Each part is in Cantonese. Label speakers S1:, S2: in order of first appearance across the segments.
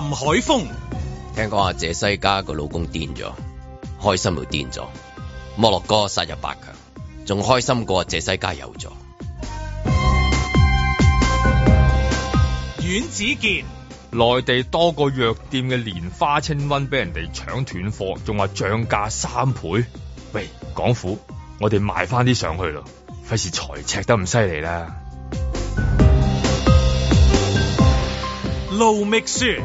S1: 林海峰，
S2: 聽講阿謝西家個老公癲咗，開心到癲咗。摩洛哥殺入八
S1: 強，仲開心過謝西家有咗。阮子健，內地多個藥店嘅連花清瘟俾人哋搶斷貨，仲話漲價三倍。喂，港府，我哋賣翻啲上去咯，費事財赤得咁犀利啦。
S3: 盧覓雪。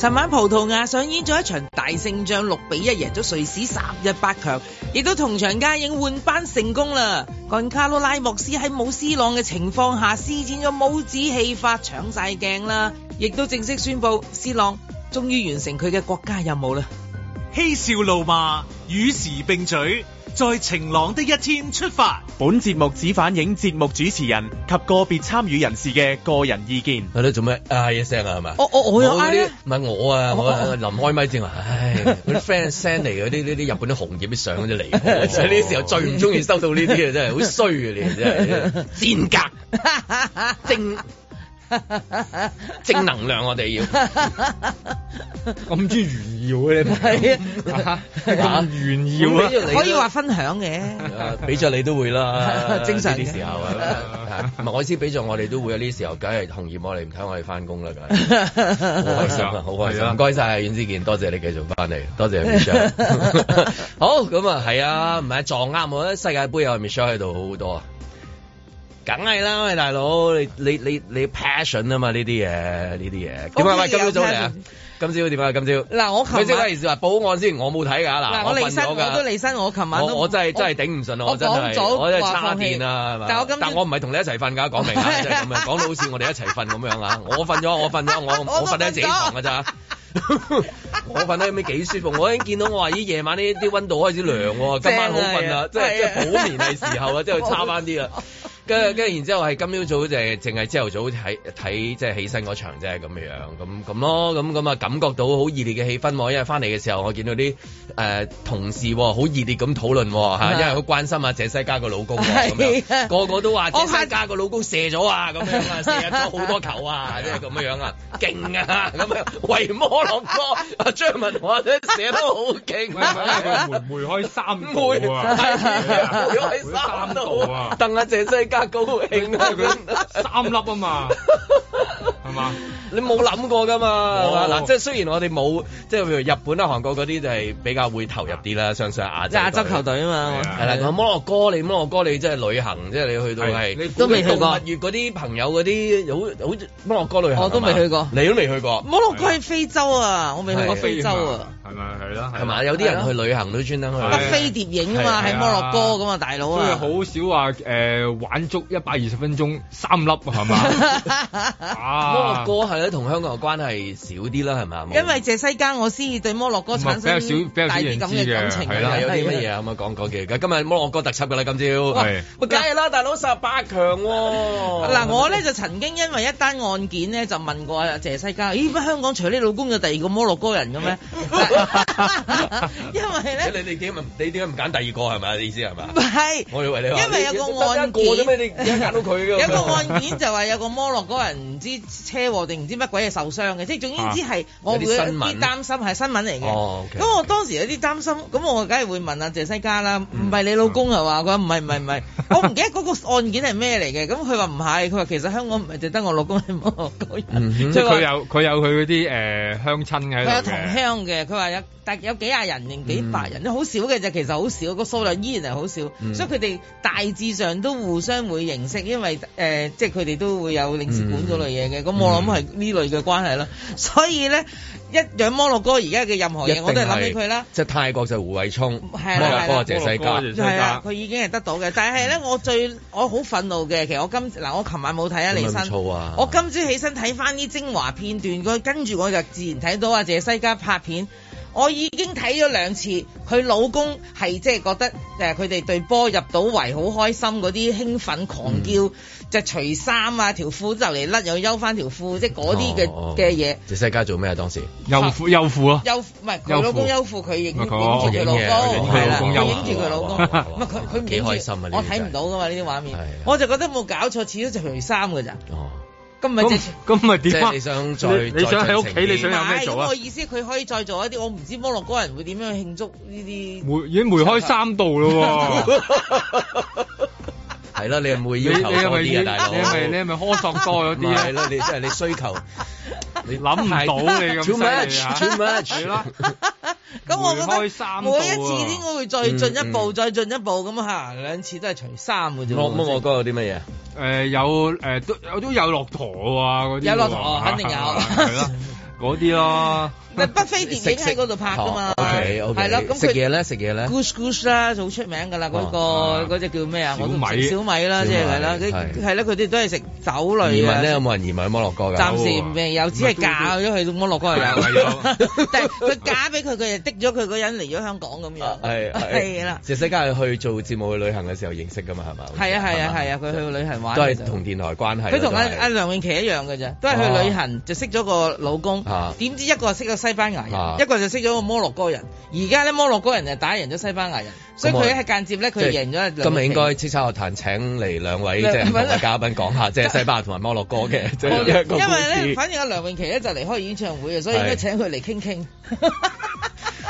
S3: 昨晚葡萄牙上演咗一場大勝仗，六比一贏咗瑞士十一八強，亦都同場加映換班成功啦，安卡洛拉莫斯喺冇 C 朗嘅情況下施展咗帽子戲法，搶晒鏡啦，亦都正式宣布 C 朗終於完成佢嘅國家任務啦。嬉笑怒
S1: 罵，與時並嘴，在晴
S3: 朗的一天出發。
S1: 本節目只反映節目主持人及個別參與人士嘅個
S2: 人意見。我哋做咩啊一聲啊？係嘛、啊啊啊？我我我有嗌唔係我啊，啊我臨、啊、開咪正話。唉，嗰啲 friend send 嚟嗰啲啲啲日本啲紅葉啲相咗嚟，所、哦、呢 時候最唔中意收到呢啲嘢，真係好衰啊！你真係賤格哈哈
S3: 正。正能量我哋要 我、
S1: 啊，咁中意炫耀嘅你，咁炫、啊啊啊啊、耀啊，你可以話
S3: 分享嘅、啊，
S2: 俾咗你 都會啦，正常啲時候，唔 係、啊、我意思俾咗我哋都會有啲時候，梗係紅葉我哋唔睇，我哋翻工啦，梗係，好開心啊，好開心，唔該晒阮之健，多謝，謝你繼續翻嚟， 多謝 Michelle， 好，咁啊係啊，唔係撞啱喎，我覺得世界杯有 Michelle 喺度好好多。梗係啦，喂大佬，你你你你 passion 嘛 okay，啊嘛呢啲嘢，呢啲嘢。咁喂喂，今朝早嚟啊，今朝點啊？今朝。嗱，我琴晚先話保安先，我冇睇㗎嗱，我瞓咗㗎。我都離
S3: 身，我琴晚我真係真係頂
S2: 唔順，我真係我，我，我真係差電啊！但我唔係同你一齊瞓㗎，講明啊，就係咁啊，講到好似我哋一齊瞓咁樣啊，我瞓咗，我瞓咗，我我瞓得自己床㗎咋，我瞓得咁樣幾舒服， 我已經見到我話咦，夜晚呢啲溫度開始涼， 今晚好瞓啊，即係即係補眠係時候啊，即係要差翻啲啊。跟、嗯、跟然之後係今朝早就係淨係朝頭早睇睇即係起身嗰場啫咁嘅樣咁咁咯咁咁啊感覺到好熱烈嘅氣氛喎，因為翻嚟嘅時候我見到啲誒、呃、同事好、哦、熱烈咁討論嚇，uh -huh. 因為好關心阿、啊、謝西佳個老公咁、uh -huh. 個個都話謝西家個老公射咗啊，咁樣啊射咗好多球啊，即係咁嘅樣啊勁啊，咁 啊為摩洛哥阿張文華
S1: 咧射得好勁，梅梅開三度啊，梅開三度 等啊，
S2: 鄧阿謝世。加高興啊！佢
S1: 三粒啊嘛！
S2: 係嘛？你冇諗過噶嘛？嗱，即係雖然我哋冇，即係譬如日本啊、韓國嗰啲，就係比較會投入啲啦，相信亞洲，亞洲球隊啊嘛，係啦。摩洛哥，你摩洛哥，你真係旅行，即係你去到係，你都未去過。越嗰啲朋友嗰啲好好摩洛哥旅行，哦、我都未去過，你都未去過。
S3: 摩洛哥係非洲啊，我未去過非洲啊。係咪係
S1: 咯？係嘛？有啲人去旅行都專登去。特飛碟影啊嘛，係摩洛哥咁啊，大佬啊。所以好少話誒、呃、玩足一百二十分鐘三粒係嘛。摩洛哥係咯，同香港嘅關係少啲啦，係咪？因
S3: 為謝茜嘉，我先至對摩洛哥產生少、帶啲咁嘅感情嘅，有啲乜嘢啊？
S2: 可唔可以講講嘅？今日摩洛哥特輯嘅啦，今朝係，
S3: 梗係啦，大佬十八強喎、啊。嗱、啊，我咧就曾經因為一單案件咧，就問過謝茜嘉：咦、哎，香港除你老公，有第二個摩洛哥人嘅咩？ 因為咧，
S2: 你你點解唔你點解唔揀第二個係咪？嘅意思係咪？
S3: 係，我以為你因為有個案件，過咗咩？你到佢 有個案件就話有個摩洛哥人唔知道。車禍定唔知乜鬼嘢受傷嘅，即係總言之係我會有啲擔心，係、啊、新聞嚟嘅。咁、哦 okay, okay, okay. 我當時有啲擔心，咁我梗係會問阿謝西加啦。唔、嗯、係你老公係嘛？佢話唔係唔係唔係，不是不是 我唔記得嗰個案件係咩嚟嘅。咁佢話唔係，佢話其實香港唔係淨得我老公係冇嗰
S1: 即係佢有佢有佢嗰啲誒鄉親嘅。佢、呃、有同
S3: 鄉嘅，佢話一。有幾廿人定幾百人好、嗯、少嘅啫，其實好少個數量依然係好少、嗯，所以佢哋大致上都互相會認識，因為誒、呃，即係佢哋都會有領事館嗰類嘢嘅。咁、嗯、我諗係呢類嘅關係啦。所以咧，一養摩洛哥而家嘅任何嘢，我都係諗起佢啦。
S2: 即係泰國就係胡偉聰係、啊，摩洛哥就謝西嘉，係啦、啊，佢
S3: 已經係得到嘅。但係咧，我最我好憤怒嘅，其實我今嗱我琴晚冇睇啊，李生、啊啊，我今朝起身睇翻啲精華片段，佢跟住我就自然睇到啊，謝西嘉拍片。我已經睇咗兩次，佢老公係即係覺得誒，佢、呃、哋對波入到圍好開心嗰啲興奮狂叫，就除衫啊條褲就嚟甩，又休翻條褲，即係嗰啲嘅嘅嘢。
S2: 隻、哦、世、哦哦、家做咩啊？當時，休褲休褲咯，休唔係佢老公
S3: 休褲，佢影住佢老公係啦，佢影住佢老公，唔係佢佢唔影住，我睇唔到㗎嘛呢啲畫面，我就覺得冇搞錯，始終就除衫㗎咋。今日、今日點，即係你想你，你想喺屋企你想有咩做啊？我意思佢可以再做一啲，我唔知摩洛哥人會點樣慶祝呢啲
S1: 梅，已經梅開三度喇喎！ 係咯，你係唔會要求多啲嘅大佬？你係你係咪苛索多咗啲咧？係咯，你即係你需求，你諗
S3: 唔到你咁樣。串品係串品係串啦。咁我覺得每一次應該會再進一步，再進一步咁嚇。兩次都係除三嘅啫。我咁我覺
S1: 得有啲乜嘢？誒有誒都我都有駱駝啊嗰啲。有駱駝肯定有。係咯，嗰啲咯。
S3: 咪北非諜影喺嗰度拍噶嘛，
S2: 係咯，咁佢食嘢咧，食嘢咧
S3: ，Couscous Couscous 啦，就好出名噶啦，嗰個嗰隻叫咩啊？小米小米啦，即係係啦，佢係咧，佢哋都係食酒類嘅。移民咧，有
S2: 冇人移民去摩洛哥㗎？暫時
S3: 未，又只係嫁咗去摩洛哥嚟㗎，但係佢嫁俾佢，佢就的咗佢個人嚟咗香港咁樣，係係啦。
S2: 石西佳係去做節目去旅行嘅時候認識㗎嘛，係嘛？係啊係啊係啊，佢去旅行玩都係同電台關係。佢同阿阿
S3: 梁詠琪一樣㗎啫，都係去旅行就識咗個老公，點知一個識個西西班牙人，啊、一個就識咗個摩洛哥人，而家咧摩洛哥人就打贏咗西班牙人，嗯、所以佢係間接咧佢贏咗。今日應該
S2: 叱咤樂壇請嚟兩位即、就是、嘉賓講下，即、啊、係、就是、西班牙同埋摩洛哥嘅、嗯就是嗯。因為咧，反
S3: 正阿梁詠琪咧就離開演唱會嘅，所以應該請佢嚟傾傾。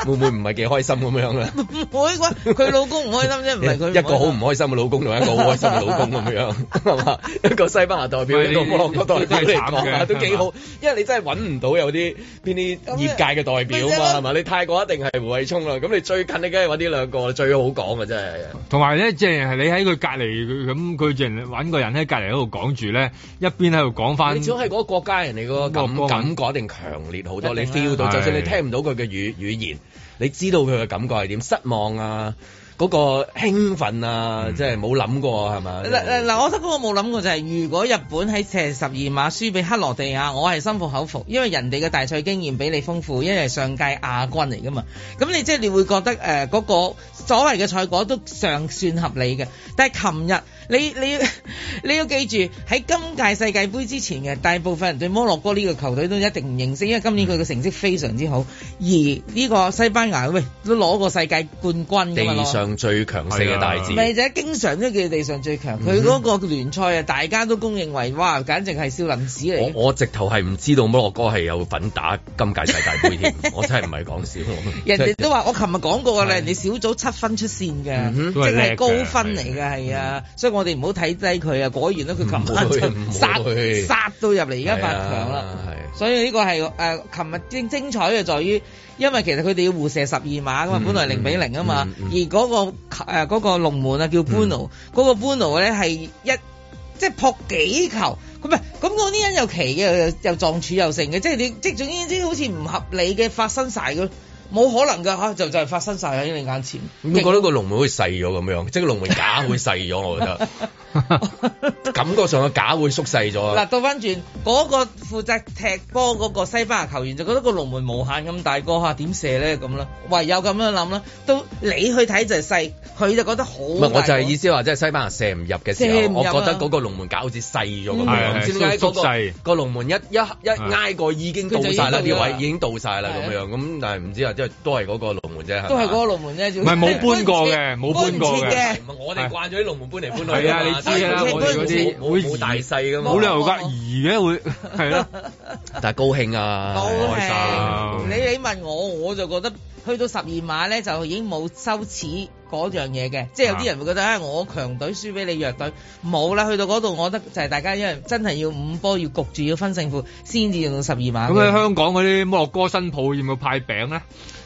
S2: 會唔會唔係幾開心咁樣咧？
S3: 唔會佢老公唔開心啫，唔係 一個好唔
S2: 開心嘅老公，同一個好開心嘅老公咁樣，係嘛？ 一個西班牙代表，一個摩洛哥代表都幾好。因為你真係揾唔到有啲邊啲業界嘅代表啊嘛，係嘛？你泰國一定係胡慧聰啦，咁你最近你梗係揾呢兩個最好講嘅真係。
S1: 同埋咧，即係你喺佢隔離，咁佢淨揾個人喺隔離喺度講住咧，一邊喺度講翻。總
S2: 係嗰個國家人嚟講，感覺感覺一定強烈
S1: 好多，啊、你 feel 到，就算你聽唔到佢嘅語語
S2: 言。你知道佢嘅感覺係點？失望啊，嗰、那個興奮啊，嗯、即係冇諗過係咪？
S3: 嗱嗱，我覺得我冇諗過就係、是，如果日本喺射十二碼輸俾克羅地亞，我係心服口服，因為人哋嘅大賽經驗比你豐富，因為上屆亞軍嚟噶嘛。咁你即係你會覺得誒嗰、呃那個所謂嘅賽果都尚算合理嘅，但係琴日。你你要你要記住喺今屆世界杯之前嘅，大部分人對摩洛哥呢個球隊都一定唔認識，因為今年佢嘅成績非常之好。而呢個西班牙喂，都攞過世界冠軍㗎，地上
S2: 最強四嘅大字，係就係
S3: 經常都叫地上最強，佢嗰個聯賽啊，大家都公認為哇，簡直係少林寺嚟。我
S2: 我直頭係唔知道摩洛哥係有份打今屆世界杯添， 我真係唔係講笑。
S3: 人哋都話我琴日講過啦，人哋小組七分出線嘅，即、嗯、係高分嚟嘅係啊，所以我。我哋唔好睇低佢啊！果然咧，佢琴晚真係殺佢，殺到入嚟而家八強啦。所以呢個係誒琴日精精彩嘅在於，因為其實佢哋要互射十二碼㗎嘛，本來零比零啊嘛。而嗰、嗰個嗰、呃嗰個龍門啊、嗯，叫 Bounou，嗰個 Bounou 咧係一即係撲幾球咁咪？咁啲人又奇嘅，又撞柱又成嘅，即係你即係總言之，好似唔合理嘅發生晒咯。冇可能㗎、吓、就就係發生晒喺你眼前。你覺得
S2: 個龍門好似細咗咁樣，即、就、係、是、龍門架會細咗，我覺得。感覺上個架會縮細咗。 嗱，
S3: 倒翻轉嗰個負責踢波嗰個西班牙球員，就覺得個龍門無限咁大個嚇，點、啊、射咧咁啦，唯有咁樣諗啦。都你去睇就係細，佢就覺得好。唔係，我就係、
S2: 是、意思話，即係西班牙射唔入嘅時候，我覺得嗰個龍門架好似細咗。點、嗯、解、那個、縮細、那個？那個龍門一一一挨過已經到晒啦，呢位已經到晒啦咁樣。咁但係唔知啊。都係嗰個龍門啫，都係嗰個
S3: 龍門啫，唔係冇搬過嘅，冇搬過嘅，唔係我哋
S2: 慣咗啲龍門搬嚟搬去，係啊，你知㗎啦，我哋嗰啲冇大細㗎嘛，冇理由㗎而家，會
S3: 係咯，
S2: 但係高興啊，好開心，你
S3: 你問我，我就覺得。去到十二碼咧，就已經冇羞恥嗰樣嘢嘅，即係有啲人會覺得啊、哎，我強隊輸俾你弱隊，冇啦，去到嗰度，我覺得就係大家因為真係要五波要焗住要分勝負先至用到十二碼。咁、嗯、喺
S1: 香港嗰啲摩洛哥新抱，要唔要派餅咧？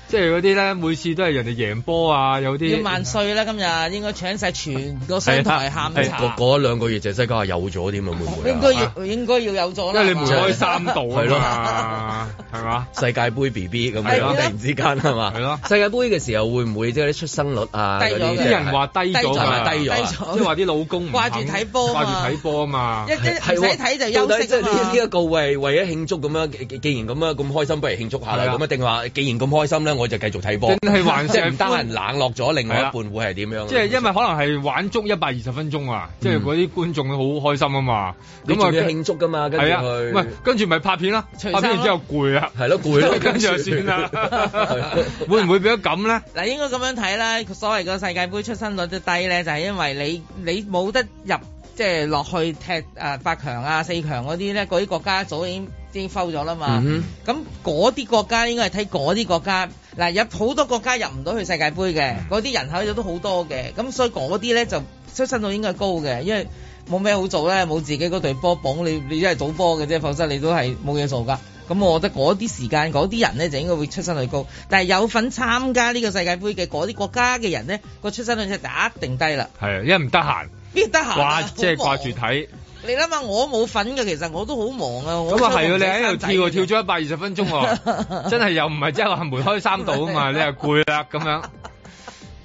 S1: 即係嗰啲咧，每次都係人哋贏波啊！有啲要萬
S3: 歲啦！今日應該搶晒全個商台喊茶。嗰 嗰、
S1: 啊、兩個月就即係講有咗添啊，會唔會？應該
S3: 要應該要有咗啦。因為你門開三度啊，係 嘛？
S2: 世界盃 B B 咁 樣，突然之間係嘛？係咯、啊。世界盃嘅時候會唔會即係啲出生率啊？低咗。啲人話低咗，低咗。即係話啲老公掛住睇波啊嘛。掛住睇波啊嘛。一係睇就休息。即係呢一個為為咗慶祝咁樣，既然咁啊咁開心，不如慶祝下咁一定話既然咁開心咧？我就繼續睇波，真係唔得人冷落咗，另外一半會係點樣？ 即係
S1: 因為可能係玩足一百二十分鐘啊，嗯、即係嗰啲觀眾好開心啊嘛，咁啊慶祝
S2: 㗎嘛，跟住、啊，唔係
S1: 跟住咪拍片啦，拍片之後攰啊，係咯攰，跟住就算啦， 會唔會變咗咁咧？
S3: 嗱，應該咁樣睇啦。所謂個世界盃出生率都低咧，就係、係、因為你你冇得入。即係落去踢、呃、八強啊、四強嗰啲咧，嗰啲國家早已經已經收咗啦嘛。咁嗰啲國家應該係睇嗰啲國家，嗱有好多國家入唔到去世界盃嘅，嗰啲人口都好多嘅，咁所以嗰啲咧就出生率應該高嘅，因為冇咩好做咧，冇自己嗰隊波榜，你，你只係賭波嘅啫，否則你都係冇嘢做噶。咁我覺得嗰啲時間嗰啲人咧就應該會出生率高，但係有份參加呢個世界盃嘅嗰啲國家嘅人咧個出生率就一定低啦。
S1: 係，因為唔得閒。
S3: 邊得閒？哇！即係掛住睇。你諗下，我冇瞓嘅，其實我都好忙啊。咁、嗯、啊，係你喺度跳，跳咗
S1: 一百二十分鐘，真係又唔係即係話梅開三度啊嘛？ 你又攰啦，咁樣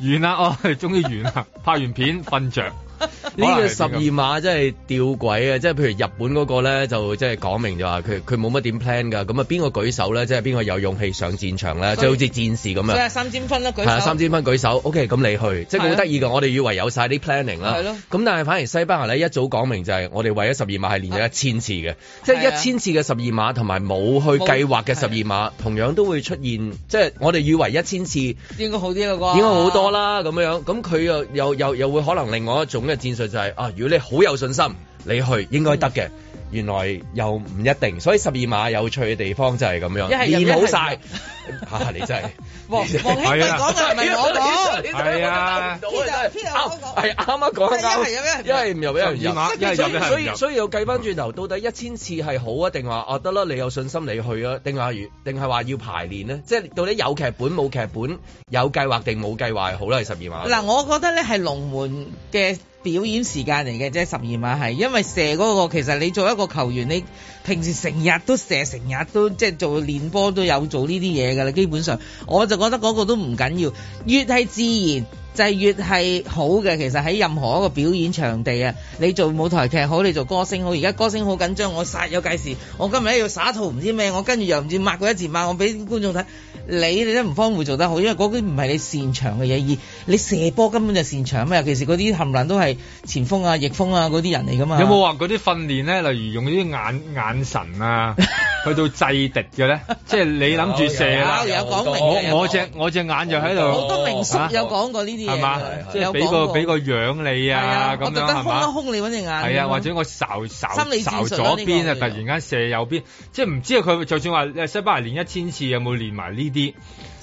S1: 完啦，我、哦、終於完啦，拍完片瞓着。
S3: 呢 個十二碼
S2: 真係吊詭啊！即係譬如日本嗰個咧，就即係講明就話佢佢冇乜點 plan 㗎。咁啊，邊個舉手咧？即係邊個有勇氣上戰場咧？就好似戰士咁樣。三
S3: 千分啦，舉係三
S2: 千分舉手。O K，咁你去，即係好得意㗎。啊、我哋以為有晒啲 planning 啦。係咁、啊、但係反而西班牙咧一早講明就係我哋為咗十二碼係練咗一千次嘅，
S3: 是啊、即係一千
S2: 次嘅十二碼同埋冇去計劃嘅十二碼，二碼啊、同樣都會出現。即係我哋以為一千次
S3: 應該好啲啦，應該好應該多啦
S2: 咁、啊、樣。咁佢又又又又會可能另外一種。嘅戰術就係、是、啊，如果你好有信心，你去應該得嘅。原來又唔一定，所以十二碼有趣嘅地方就係咁樣是一練好晒、 啊，你真係黃興桂、啊、講係咪、 啊啊啊、我講？啱講啱。一係咩？係樣人一樣所以要所以，所以，所以要計翻轉頭，到底一千次係好啊，定話哦，得啦？你有信心你去啊，定如定話要排練呢？即係到底有劇本冇劇本，有計劃定冇計劃好咧？十二碼。嗱，
S3: 我覺得咧係龍門嘅。表演時間嚟嘅啫，十二碼係，因為射嗰、那個其實你做一個球員，你平時成日都射，成日都即係做練波都有做呢啲嘢噶啦。基本上，我就覺得嗰個都唔緊要，越係自然就係、是、越係好嘅。其實喺任何一個表演場地啊，你做舞台劇好，你做歌星好，而家歌星好緊張，我殺有計時，我今日要耍一套唔知咩，我跟住又唔知擘個一字馬，我俾觀觀眾睇。你你都唔方會做得好，因為嗰啲唔係你擅長嘅嘢，而你射波根本就擅長啊！尤其是嗰啲冚卵都係前鋒啊、翼鋒啊嗰啲人嚟噶嘛。有冇話
S1: 嗰啲訓練咧？例如用啲眼眼神啊， 去到制敵嘅咧？即 係你諗住射啦有有有有有有，我我隻我隻眼就喺度好多名宿有
S3: 講過呢啲嘢，即係俾個俾
S1: 個樣你啊，咁樣係空一空
S3: 你嗰隻眼，係 啊，或者
S1: 我睄睄睄左邊啊，突然間射右邊，即係唔知佢就算話西班牙練一千次有冇練埋呢啲？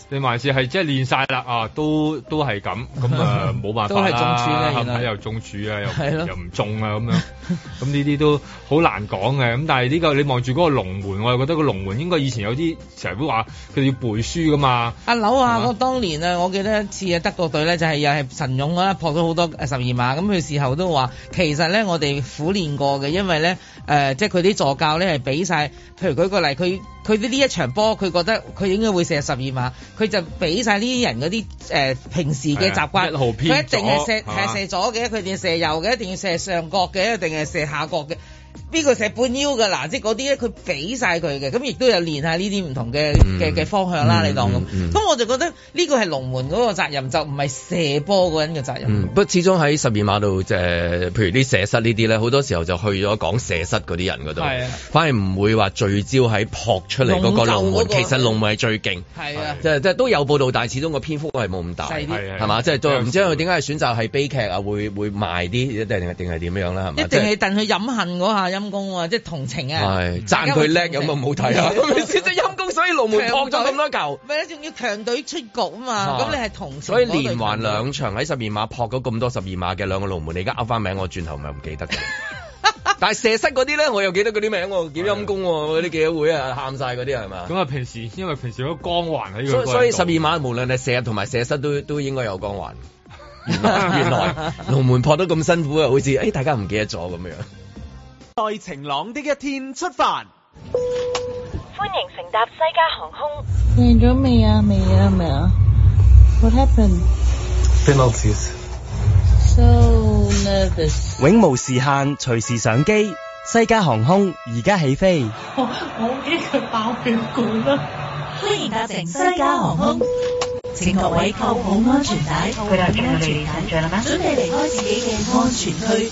S1: 你還是係即係練晒啦啊，都都係咁，咁啊冇辦法啦，都係中柱啦，又中柱又又中啊，又又唔中啊咁樣，咁呢啲都好難講嘅。咁但係呢、呢個你望住嗰個龍門，我又覺得個龍門應該以前有啲成日都話佢哋要背書噶嘛。
S3: 阿柳啊，我當年啊，我記得一次啊，德國隊咧就係又係神勇啦，撲咗好多十二碼咁，佢事後都話，其實咧我哋苦練過嘅，因為咧誒、呃，即係佢啲助教咧係俾晒，譬如舉個例，佢。佢哋呢一場波，佢覺得佢應該會射十二碼。佢就俾晒呢啲人嗰啲誒平時嘅習慣，佢一定係射踢射左嘅，佢定射右嘅，一定要射上角嘅，一定係射下角嘅。邊個射半腰嘅嗱，即係嗰啲咧，佢俾晒佢嘅，咁亦都有練下呢啲唔同嘅嘅嘅方向啦、嗯。你當咁，咁、嗯嗯嗯、我就覺得呢個係龍門嗰個責任，就唔係射波嗰人嘅責任。不、嗯、
S2: 不過始終喺十二碼度，即係譬如啲射失呢啲咧，好多時候就去咗講射失嗰啲人嗰度，反而唔會話聚焦喺撲出嚟嗰個龍門龍、那個。其實龍門係最勁，係啊，即係即係都有報道，但係始終個篇幅係冇咁大，係係嘛，即係、就是、都唔知佢點解選擇係悲劇啊，會會賣啲，定定係點樣啦，係一定係
S3: 戥佢飲恨嗰下。陰公喎，即係同情啊！係
S2: 讚佢叻有咁好睇啊？係咪
S3: 先？即係陰公，所以龍門撲咗咁多球，咪咧仲要強隊出局啊嘛？咁、啊、你係同情，所以連環
S2: 兩場喺十二碼撲咗咁多十二碼嘅兩個龍門， 你而
S1: 家呃翻名字，我轉頭咪唔記得嘅。
S2: 但係射失嗰啲咧，我又記得嗰啲名字，幾陰公嗰啲記者會啊喊晒嗰啲係嘛？
S1: 咁啊，是是平時因為平時有光環喺，所以十二碼
S2: 無論係射入同埋射失都都應該有光環
S1: 原來
S2: 龍門撲得咁辛苦啊，好似誒、哎、大家唔記得咗咁樣。
S1: 在晴朗的一天出發，歡迎乘搭西加航空。
S3: 靚咗未啊？未啊？未啊？What happened? Penalties. So
S1: nervous. 永無時限，隨時上機。西加航空，而家起飛。
S3: 我我驚佢爆血管啦，啊！歡迎乘搭乘西加航空，請各位扣好安全帶。佢，啊，係安，安全帶着啦咩？準備離開自己嘅安全區。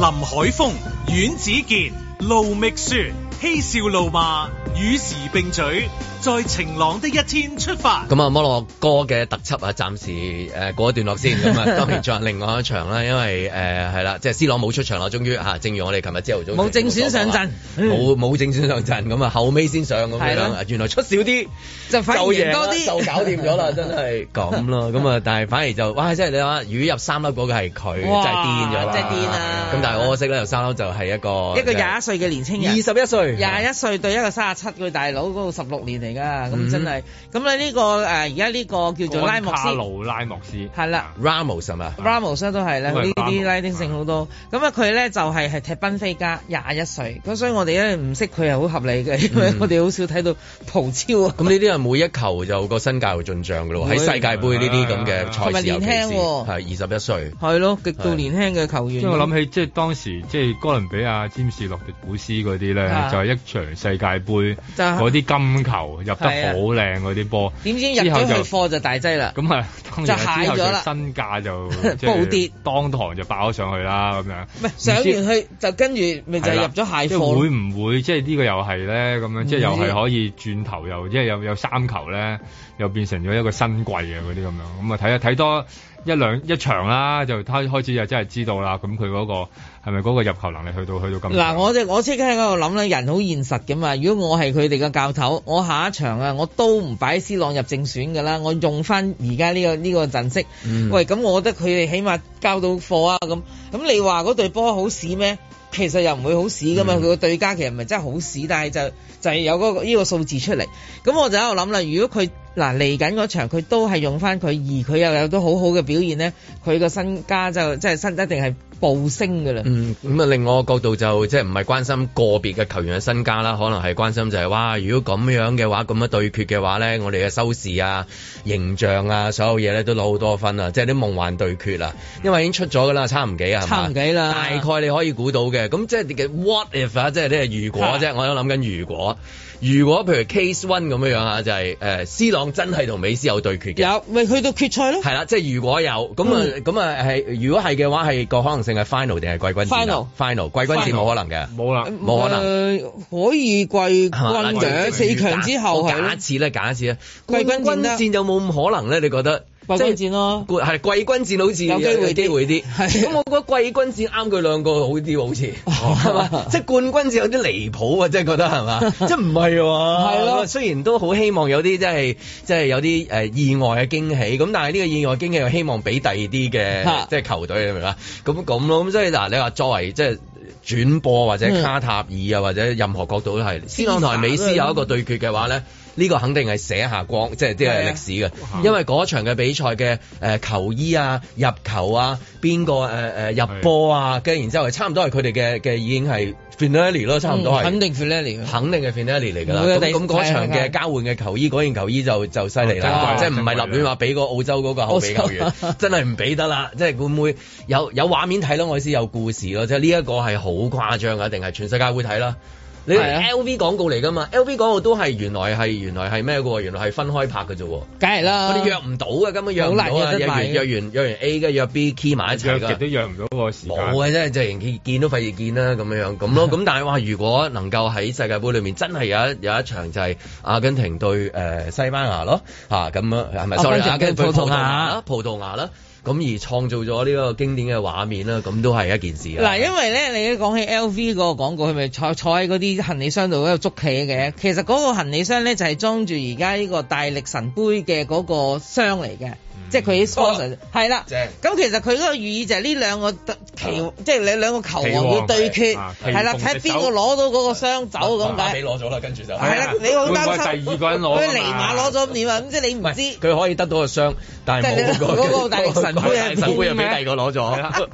S1: 林海峰、阮子健、盧覓雪。嬉笑怒罵，與時並嘴，在晴朗的一天出發。
S3: 咁
S2: 啊摩洛哥嘅特輯啊，暫時誒、呃、過一段落先。咁啊，當然仲有另外一場啦， 因為誒係啦，即係 C 朗冇出場啦。終於嚇、啊，正如我哋琴日朝頭早冇正選上陣，冇冇、嗯、正選上陣，咁啊後尾先上咁樣。原來出少啲，
S3: 就贏就贏多啲 就搞掂咗啦，真係咁
S2: 咯。咁啊，但係反而就哇，即係，真係你話雨入三粒嗰個係佢，真係癲咗啦，真係癲啦。咁 但係我識咧，由三粒就係一個一個廿一
S3: 歲嘅年青人，二
S2: 十一歲。廿一
S3: 歲對一個三十七個大佬，嗰度十六年嚟噶，咁真係。咁咧呢個誒，而家呢個叫做拉莫斯，卡路拉莫斯係啦，
S2: 拉莫斯啊
S3: ，Ramos 都係啦，呢啲拉丁性好多。咁啊，佢咧就係係踢奔飛加廿一歲，咁所以我哋咧唔識佢係好合理嘅，嗯、因為我哋
S2: 好少睇到葡超。啊。咁呢啲人每一球就有個身
S1: 價又進賬噶咯喎，
S3: 喺
S2: 世界杯呢啲咁嘅賽事，
S3: 哎哎哎、年邊先，
S1: 係二十一歲，
S3: 係、啊、咯，極度年輕嘅球員。啊嗯、即我諗起，
S1: 即係當時即係哥倫比亞、詹士、洛迪古斯嗰啲咧。就是、一場世界盃，嗰啲金球入得好靚，嗰啲波點知入咗去貨
S3: 就大劑啦！咁 啊，就蟹咗啦，身
S1: 價就暴跌，當堂就爆咗上去啦咁樣。唔
S3: 上完去就跟住，咪就入咗蟹貨咯。啊、會唔
S1: 會即係呢個又係咧？咁樣即係又係可以轉頭又即係有有三球咧，又變成咗一個新貴嘅嗰啲咁樣。咁啊睇啊睇多。一兩一場啦，就開開始就真係知道啦。咁佢嗰個係咪嗰個入球能力去到去到咁？嗱，
S3: 我就我即刻喺度諗啦，人好現實嘅嘛。如果我係佢哋嘅教頭，我下一場啊，我都唔擺斯朗入正選㗎啦。我用翻而家呢個呢、這個陣式，嗯、喂，咁我覺得佢哋起碼交到貨啊。咁咁你話嗰隊波好屎咩？其實又唔會好屎㗎嘛。佢、嗯、個對家其實唔係真係好屎，但係就就係有、這個、這個個數數字出嚟。咁我就喺度諗啦，如果佢嗱、啊，嚟緊嗰場佢都係用翻佢而佢又有都好好嘅表現咧，佢個身家就即係身一定係暴升噶啦。嗯，
S2: 咁啊，另外個角度就即係唔係關心個別嘅球員嘅身家啦，可能係關心就係、是、哇，如果咁樣嘅話，咁樣對決嘅話咧，我哋嘅收視啊、形象啊，所有嘢咧都攞好多分啊，即係啲夢幻對決啦、啊、因為已經出咗噶啦，差唔幾係嘛，差唔幾啦，大概你可以估到嘅，咁即係 what if 啊，即係你係如果啫，我都諗緊如果。如果譬如 case one 咁樣樣啊，就係，誒，C 朗真係同美斯有對決嘅，有咪去到決賽咯？係啦，即係如果有咁啊，咁啊係，如果係嘅話係個可能性係 final 定係季軍 final，final 季軍戰冇可能嘅，冇啦，冇可能
S3: 可以季軍獎四強之後係假
S2: 設咧，假設咧，季軍軍戰有冇咁可能咧？你覺得？季軍戰咯、哦，係季軍戰好似有機會啲，咁我覺得季軍戰啱佢兩個好啲好似，係 嘛、哦，是 即係冠軍戰有啲離譜啊，真係覺得係嘛， 即係唔係喎，係咯，雖然都好希望有啲即係即係有啲誒、呃、意外嘅驚喜，咁但係呢個意外驚喜又希望俾第二啲嘅即係球隊，明嘛，咁咁咯，咁所以嗱，你話作為即係轉播或者卡塔爾啊、嗯、或者任何角度都係，斯朗台美斯有一個對決嘅話咧。嗯呢呢、這個肯定係寫下光，即係啲係歷史嘅，因為嗰場嘅比賽嘅、呃、球衣啊、入球啊、邊個誒誒、呃、入波啊，嘅然之後差唔多係佢哋嘅嘅已經係 final 咯，差唔多係。肯定 final 肯定係 final 嚟㗎啦。咁場嗰場嘅交換嘅球衣，嗰件球衣就就犀利啦，即係唔係立亂話俾個澳洲嗰個後備球員真係唔俾得啦！即係會唔會有有畫面睇咯？我意思是有故事咯，即係呢一個係好誇張啊，定係全世界會睇啦？你 L V 廣告嚟㗎嘛、啊、？L V 廣告都係原來係原來係咩㗎喎？原來係分開拍㗎啫喎？梗
S3: 係啦。我、啊、哋約唔到㗎！咁樣，約唔到。約完約完，
S2: 約完 A 嘅，約 B key 埋一齊嘅，都
S1: 約唔到個時間。
S2: 冇嘅啫，就見見都費事見啦，咁樣咁咯。咁 但係話，如果能夠喺世界盃裏面真係有一有一場就係阿根廷對、呃、西班牙囉！嚇、啊，咁樣係咪？sorry，阿根廷對葡萄牙啦，葡萄牙啦。咁而創造咗呢個經典嘅畫面啦，咁都係一件事啊！嗱，
S3: 因為咧，你一講起 LV 嗰個廣告，係咪坐坐喺嗰啲行李箱度喺度捉棋嘅，其實嗰個行李箱咧就係裝住而家呢個大力神杯嘅嗰個箱嚟嘅。即係佢啲 sponsor，係啦。咁、哦、其實佢嗰個寓意就係呢兩個球、嗯，即係你兩個球王要對決，係啦，睇邊個攞到嗰個箱、啊、走咁解、啊啊啊啊啊。你攞咗啦，跟住就係啦。你好擔心，第二個人攞咗，尼馬攞咗點啊？咁、啊啊啊、即係你唔知
S2: 佢可以得到個箱，但係冇嗰個。個大神杯， 神杯又俾第二個攞咗，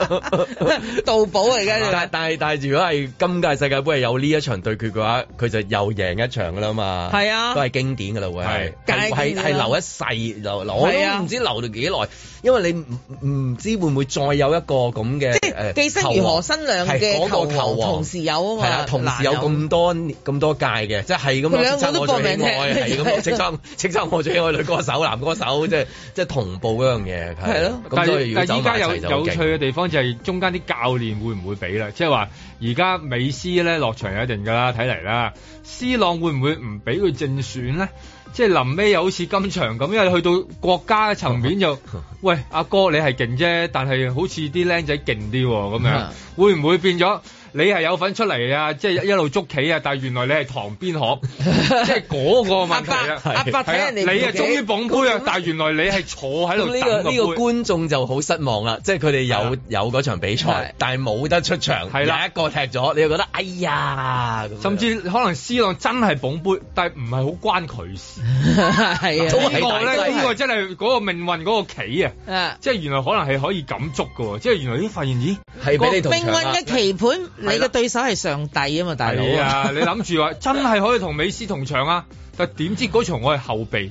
S3: 盜寶嚟嘅，
S2: 但係但係，如果係今屆世界盃係有呢一場對決嘅話，佢就又贏一場㗎啦嘛。係啊，都係經典㗎啦會係，係留一世留，我都唔知留。幾耐？因為你唔唔知會唔會再有一個咁嘅，即係技星如何新兩嘅球王同時有啊嘛？係啦，那個，同時有咁多咁多屆嘅，即係係咁稱讚我最喜愛，係咁稱即刻我最喜愛女歌手、
S1: 男歌手，即係即係同步嗰樣嘢係咯。但係、嗯、但係依家有有趣嘅地方就係中間啲教練會唔會俾啦？即係話而家美斯咧落場一定㗎啦，睇嚟啦，C 朗會唔會唔俾佢正選咧？即係臨尾又好似金場咁，因為去到國家嘅層面就 喂，阿哥你係勁啫，但係好似啲僆仔勁啲喎咁樣， 會唔會變咗？你係有份出嚟啊，即、就、係、是、一路捉棋啊，但係原來你係棠邊鶴， 即係嗰個問題啊！阿伯，你啊終於捧杯啊、那個，但係原來你係坐喺度。呢個呢個觀眾就好失望啦，即係佢哋有有
S2: 嗰場比賽，是但係冇得出場，第一個踢咗，你就覺得哎呀！甚至
S1: 可能 C 朗真係捧杯，但係唔係好關佢
S3: 事。係 啊，呢、那個呢是、那個
S1: 真係嗰個命運嗰個棋啊，即係原來可能係可以咁捉嘅，即係原來咦發現咦係俾你命運嘅棋
S3: 盤。你嘅對手係上帝啊嘛，大佬！係啊，你諗
S1: 住話真係可以同美斯同場啊，但點知嗰場我係後備，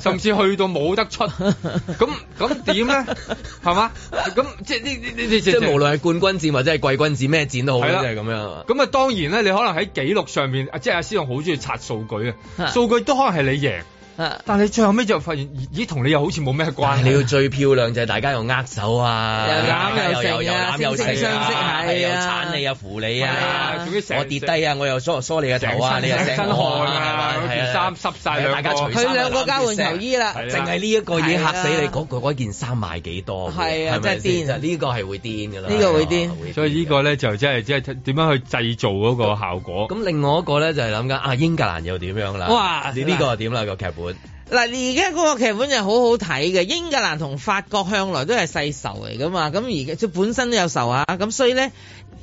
S1: 甚至去到冇得出，咁咁點咧？係嘛？咁 即係呢呢即係無論係冠軍戰或者係季軍戰咩戰都好，都係咁樣。咁啊，當然咧，你可能喺記錄上面，即係阿斯隆好中意刷數據啊， 數據都可能係你贏。但你最後尾就發現咦，同你又好似冇咩關係，啊。你要最漂亮就大家又握手啊，嗯、又攬又剩啊，又
S3: 惺惺相惜係啊，鏟你啊，
S2: 扶、啊啊、你啊，啊，你啊，啊，啊，啊，我跌低啊，我又梳梳你嘅頭啊，你又出、啊、身汗啊，啊件衫濕晒，兩、啊，大家除衫。佢兩個交換球衣啦，淨係呢一個已經嚇死你，嗰
S1: 個嗰件衫賣幾多？係啊，
S2: 真係癲！其實呢個係會
S1: 癲㗎啦，呢個會癲。所以呢個呢，就真係真係點樣去製造嗰個效果？咁另外一個呢，就係諗緊啊，英格蘭又點樣啦？哇！你呢個又點啦個劇
S3: 嗱，而家嗰個劇本就好好睇嘅，英格蘭同法國向來都係世仇嚟噶嘛，咁而佢本身都有仇啊，咁所以咧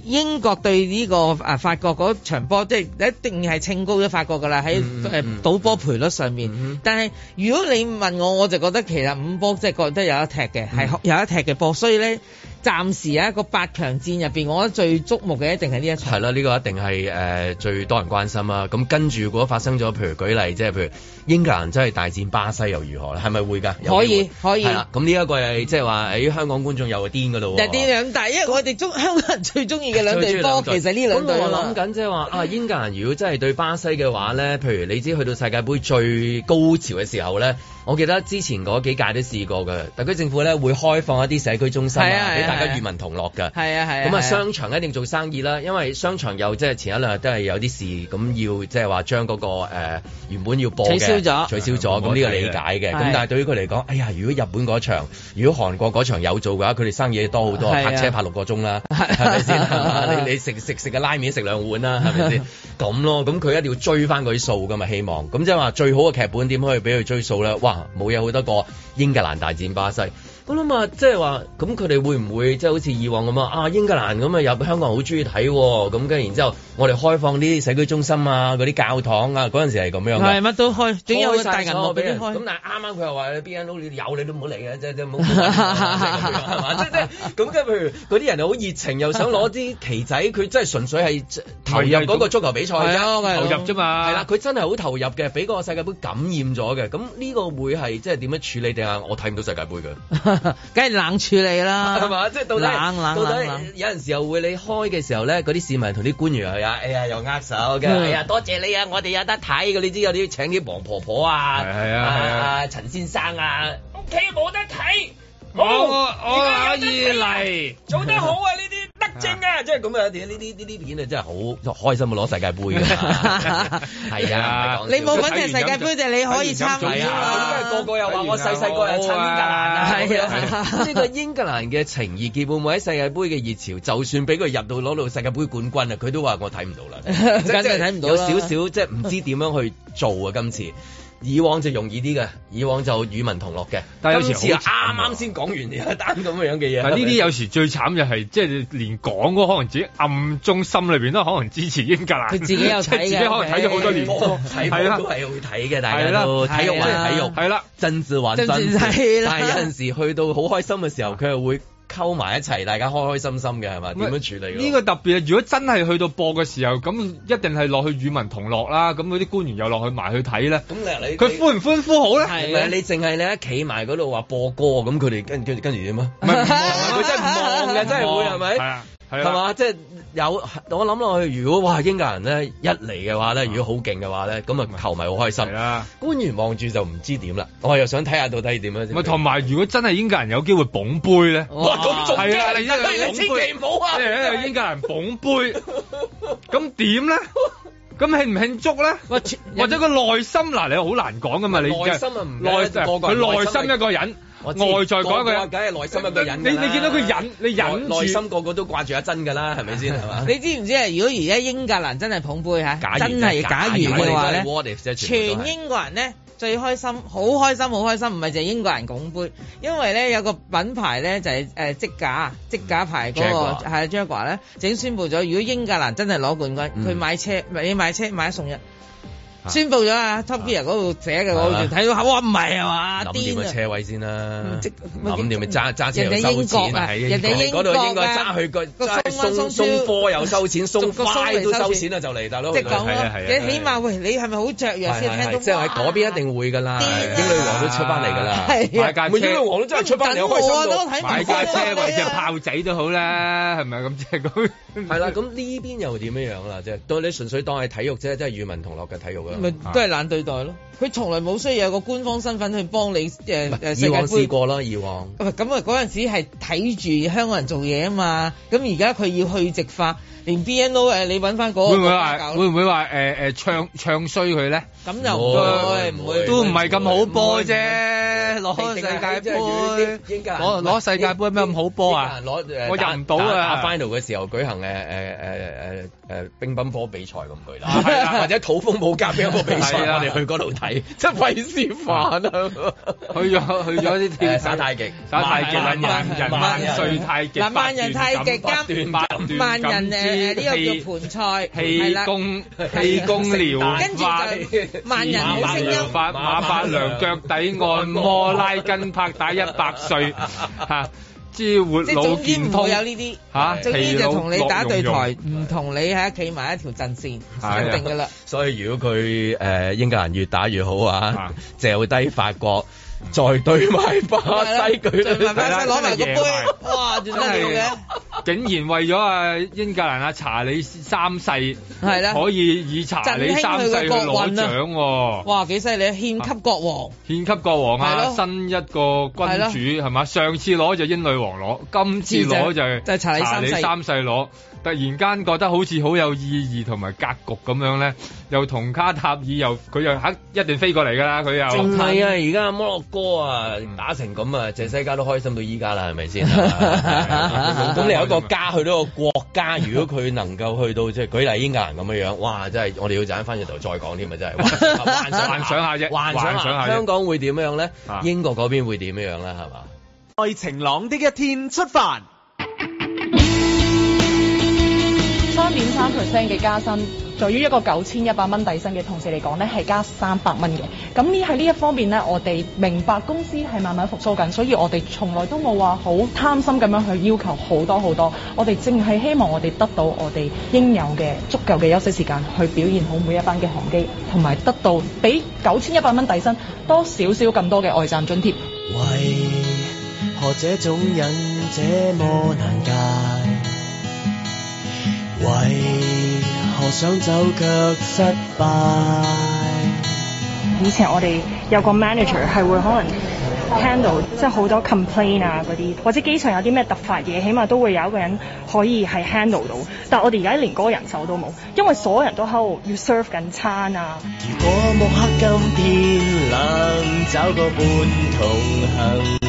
S3: 英國對呢個啊法國嗰場波，即係一定係稱高咗法國噶啦，喺誒賭波賠率上面。嗯嗯嗯，但係如果你問我，我就覺得其實五波即係覺得有得踢嘅，係有得踢嘅波，所以咧。暫時喺、啊、個八強戰入邊，我覺得最觸目嘅一定係呢一場。係
S2: 啦、啊，呢、這個一定係誒、呃、最多人關心啦、啊。咁、嗯、跟住如果發生咗，譬如舉例，即係譬如英格蘭真係大戰巴西又如何咧？係咪會㗎？可以，
S3: 可以。係啦、啊，
S2: 咁呢一個係即係話喺香港觀眾又會癲㗎咯喎。又癲
S3: 兩隊，因為我哋中 香港人最中意嘅兩隊波，其實呢兩隊、嗯。我諗緊即係話啊，
S2: 英格蘭如果真係對巴西嘅話咧，譬如你知道去到世界盃最高潮嘅時候咧。我記得之前嗰幾屆都試過嘅，特區政府咧會開放一啲社區中心俾、啊啊、大家與民同樂嘅。
S3: 係啊係。咁啊，啊，啊，商
S2: 場一定做生意啦，因為商場又即係前一兩日都係有啲事，咁要即係話將嗰、嗰個、呃、原本要播嘅取消咗，取消咗。咁、嗯、呢、嗯、個理解嘅。咁但係對於佢嚟講，哎呀，如果日本嗰場，如果韓國嗰場有做嘅話，佢哋生意多好多、啊，泊車拍六個鐘啦，係咪先？你你食食食嘅拉麪食兩碗啦，係咪先？咁 咯，咁佢一定要追翻佢啲數嘅嘛，希望。咁即係話最好嘅劇本點可以俾佢追數咧？冇嘢好得過英格蘭大戰巴西。我諗啊，即係、會會即係話，咁佢哋會唔會即係好似以往咁啊？英格蘭咁啊，又俾香港人好中意睇，咁跟住然之後，我哋開放呢啲社區中心啊，嗰啲教堂啊，嗰陣時係咁樣嘅。係乜
S3: 都開，仲有晒銀幕俾你開。咁但係啱啱佢又話，
S2: 邊間屋你有你都唔好嚟嘅，即係即係唔好。即係即咁跟住譬如嗰啲人好熱情，又想攞啲旗仔，佢 真係純粹係投入嗰個足球比賽 投入啫嘛。係啦、啊，佢真係好投入嘅、啊，俾個世界盃感染咗嘅。咁呢個會係即係點樣處理？定係我睇唔到世界盃嘅？
S3: 梗係冷處理啦，係嘛？即係到底，冷冷冷冷到底
S2: 有陣時候會離開嘅時候咧，啲市民同啲官員去啊，哎呀又握手嘅，係、嗯、啊、哎，多謝你啊，我哋有得睇嘅，你知有啲請啲黃婆婆啊，啊陳、啊啊啊、先生
S1: 啊，屋企冇得睇，冇可以嚟，
S2: 做得好啊呢啲。 正啊！即係咁啊！呢啲呢啲片啊，真係好開心去攞世界盃㗎。係啊，你冇揾嘅世界盃就你可以參加啊，啊！因為個個又話我細細個又撐英格蘭，啊，係啊，啊，啊，啊，啊，啊，啊！即係英格蘭嘅情意結會唔會喺世界盃嘅熱潮，就算俾佢入到攞到世界盃冠軍啊，佢都話我睇唔到啦。 即係睇唔到，有少少即係唔知點樣去做啊！今次。以往就容易啲嘅，以往就與民
S1: 同樂嘅。但係有時好似啱
S2: 啱先講完呢一 單咁樣嘅嘢。但呢啲有
S1: 時最慘就係即係連講嗰個可能自己暗中心裏面都可能支持英格蘭。佢自己有睇， 自己可能睇咗好多年，波，睇 都係
S2: 會睇嘅。 大家都體育啦，體育
S1: 係啦，政治
S2: 還政治。但係有陣時去到好開心嘅時候，佢又會。溝埋一齊，大家開開心心嘅係咪？點
S1: 樣處理㗎？呢個特別啊！如果真係去到播嘅時候，咁一定係落去與民同樂啦。咁嗰啲官員又落去埋去睇咧。咁你你佢歡唔歡呼好咧？
S2: 係咪？你淨係你喺企埋嗰度話播歌，咁佢哋跟跟住跟住點啊？唔望
S3: 佢真係唔望嘅， 真係會係咪？係 啊不。 不 不
S2: 係嘛，即係、啊就是，有我諗落去，如果哇英格蘭咧一嚟嘅話咧，啊，如果好勁嘅話咧，咁啊球迷好開心，啊、官員望住就唔知點啦。我又想睇下
S1: 到底點啊。同埋、啊，如果真係英格蘭有機會捧杯咧，哇咁仲加你真係你千祈唔好啊你！英格蘭捧杯，咁點咧？咁慶唔慶祝咧？ 或者個內心嗱，你好難講噶嘛？你 內心唔，內啊、個佢
S2: 內心，內心一個人。我外在講佢，梗係內心一個人。你你見到佢
S1: 忍，你忍內心，心，
S2: 心個個都掛住阿珍噶啦，係咪先？係嘛？你
S3: 知唔知啊？如果而家英格蘭真係捧杯吓，真係假如嘅話咧，
S2: 全英
S3: 國人咧最開心，好開心，好開心。唔係淨係英國人拱杯，因為咧有個品牌咧就係誒積架、嗯、積架牌嗰、那個係啊 Jaguar 咧，已宣布咗，如果英格蘭真係攞冠軍，佢、嗯、買車你買車，買一送一。宣布咗啊，Top Gear 嗰度寫嘅，我好似睇到嚇，哇唔係啊嘛，諗掂個車
S2: 位先啦、啊，諗掂咪揸揸車又收錢啊，係、啊，人哋英國嗰度應該揸去個，個送送貨又收錢，送花都收錢啊，就嚟大佬，係啊係你起
S3: 碼喂，你係咪好着樣先？即
S2: 係喺嗰邊一定會噶啦、啊啊，英女王都出翻嚟噶啦，買架車，英女王都真係出翻嚟，我開心到，買架車或者炮仔都好啦，係咪啊？咁即係咁。 係啦，咁呢邊又點樣樣啦？即係，對你純粹當係體育啫，即係與民同樂嘅體育啊，咪 都係
S3: 懶對待咯。佢從來冇需要有個官方身份去幫你誒誒、呃。以往試過啦，以往咁啊。嗰陣時係睇住香港人做嘢啊嘛，咁而家佢要去殖化。連 BNO 你搵返嗰個會唔會話、那個、會唔會話、呃、唱唱衰佢呢？咁又唔會，唔會都唔係咁好播啫。
S1: 攞世界
S2: 杯，攞世
S1: 界杯咩咁好播啊？
S2: 我入唔到打打啊！阿 Final 嘅時候舉行誒、啊啊啊啊、乒乓波比賽咁舉啦，或者土風舞間嘅波比賽，你去嗰度睇即係費事煩啊！是啊 啊 去
S1: 咗 去咗啲耍太極，耍太極啊！萬人，萬，人，萬，人萬歲太極，萬人太極間，萬人誒。太極誒呢個叫盤
S3: 菜，氣功氣功療法，跟住萬人好聲音，馬伯良腳
S1: 底按摩，拉筋拍打一百歲嚇，激活老健康。嚇，總之就同你打對台，
S3: 唔同你喺企埋一條陣線，肯定噶啦。
S2: 所以如果佢誒英格蘭越打越好啊，掉低法國。在
S1: 對埋巴西舉，攞埋個杯，哇！真係竟然為咗啊英格蘭啊查理三世，啦， 可以以查理三世攞獎，啊，
S3: 哇！幾犀利，獻給國王，
S1: 獻、啊、給國王啊，新一個君主係嘛？上次攞就英女王攞，今次攞就係查理三世攞。突然間覺得好似好有意義同埋格局咁樣咧，又同卡塔爾又佢又吓一定飛過嚟噶啦，佢又正係啊！而家摩洛哥啊，嗯、打成咁啊，謝西家都開心到依家啦，係咪先？
S3: 咁 你對 有
S1: 一個
S2: 家，去到一個國家， 如果佢能夠去到，即、就、係、是、舉例英格蘭咁樣樣，哇！真係我哋要賺翻轉頭再講添啊，真係。幻想下啫，幻想，下，幻想下。香港會點樣咧？ 英國嗰邊會點樣咧？係嘛？
S1: 在晴朗的一天出發。三點三 percent 嘅加薪，在於一個九千一百蚊底薪嘅同事嚟講呢，係加三百蚊嘅。咁呢喺呢一方面呢，我哋明白公
S2: 司係慢慢復甦緊，所以我哋從來都冇話好貪心咁樣去要求好多好多。我哋淨係希望我哋得到我哋應有嘅足夠嘅休息時間，去表現好每一班嘅航機，同埋得到俾九千一百蚊底薪多少少咁多嘅外站津貼。為何這種
S1: 人這麼難嫁？
S2: 為何想走腳失
S1: 敗？以前我哋有個 manager 係會可能 handle 即係好多 complain 啊、嗰啲，或者機上有啲咩突發嘢，起碼都會有一個人可以係 handle 到。但係我哋而家連嗰個人手都冇，因為所有人都喺度要 serve 緊餐啊。如果冇黑今天冷，走個半同行。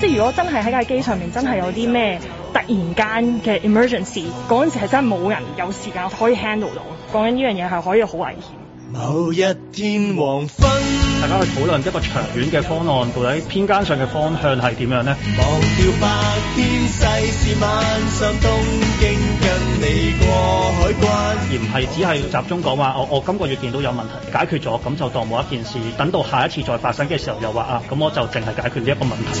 S1: 即係如果真係喺架機上面真係有啲咩。突然間嘅 emergency，嗰陣時係真係冇人有時間可以 handle 到，講緊呢樣嘢係可以好危險。某一天黃昏，大家去討論一個長遠嘅方案，到底偏間上嘅方向係點樣咧？忘掉白天世事，晚上東京人。過海關而唔係只係集中講話。我我今個月見到有問題解決咗，咁就當冇一件事，等到下一次再發生嘅時候又話啊，咁我就淨係解決呢一個問題。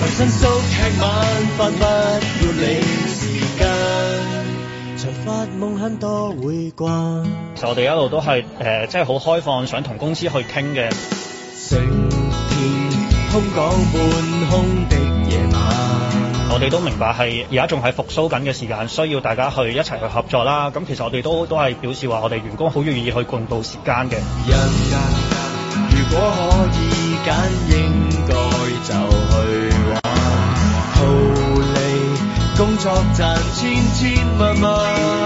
S1: 其實我哋一路都係誒，即係好開放，想同公司去傾嘅。成天空港半空的夜晚我哋都明白係而家仲係復甦緊嘅時間，需要大家去一齊去合作啦。咁其實我哋都都係表示話，我哋員工好願意去共度時間嘅。人如果可以揀，應該就去玩，逃離工作賺千千萬萬。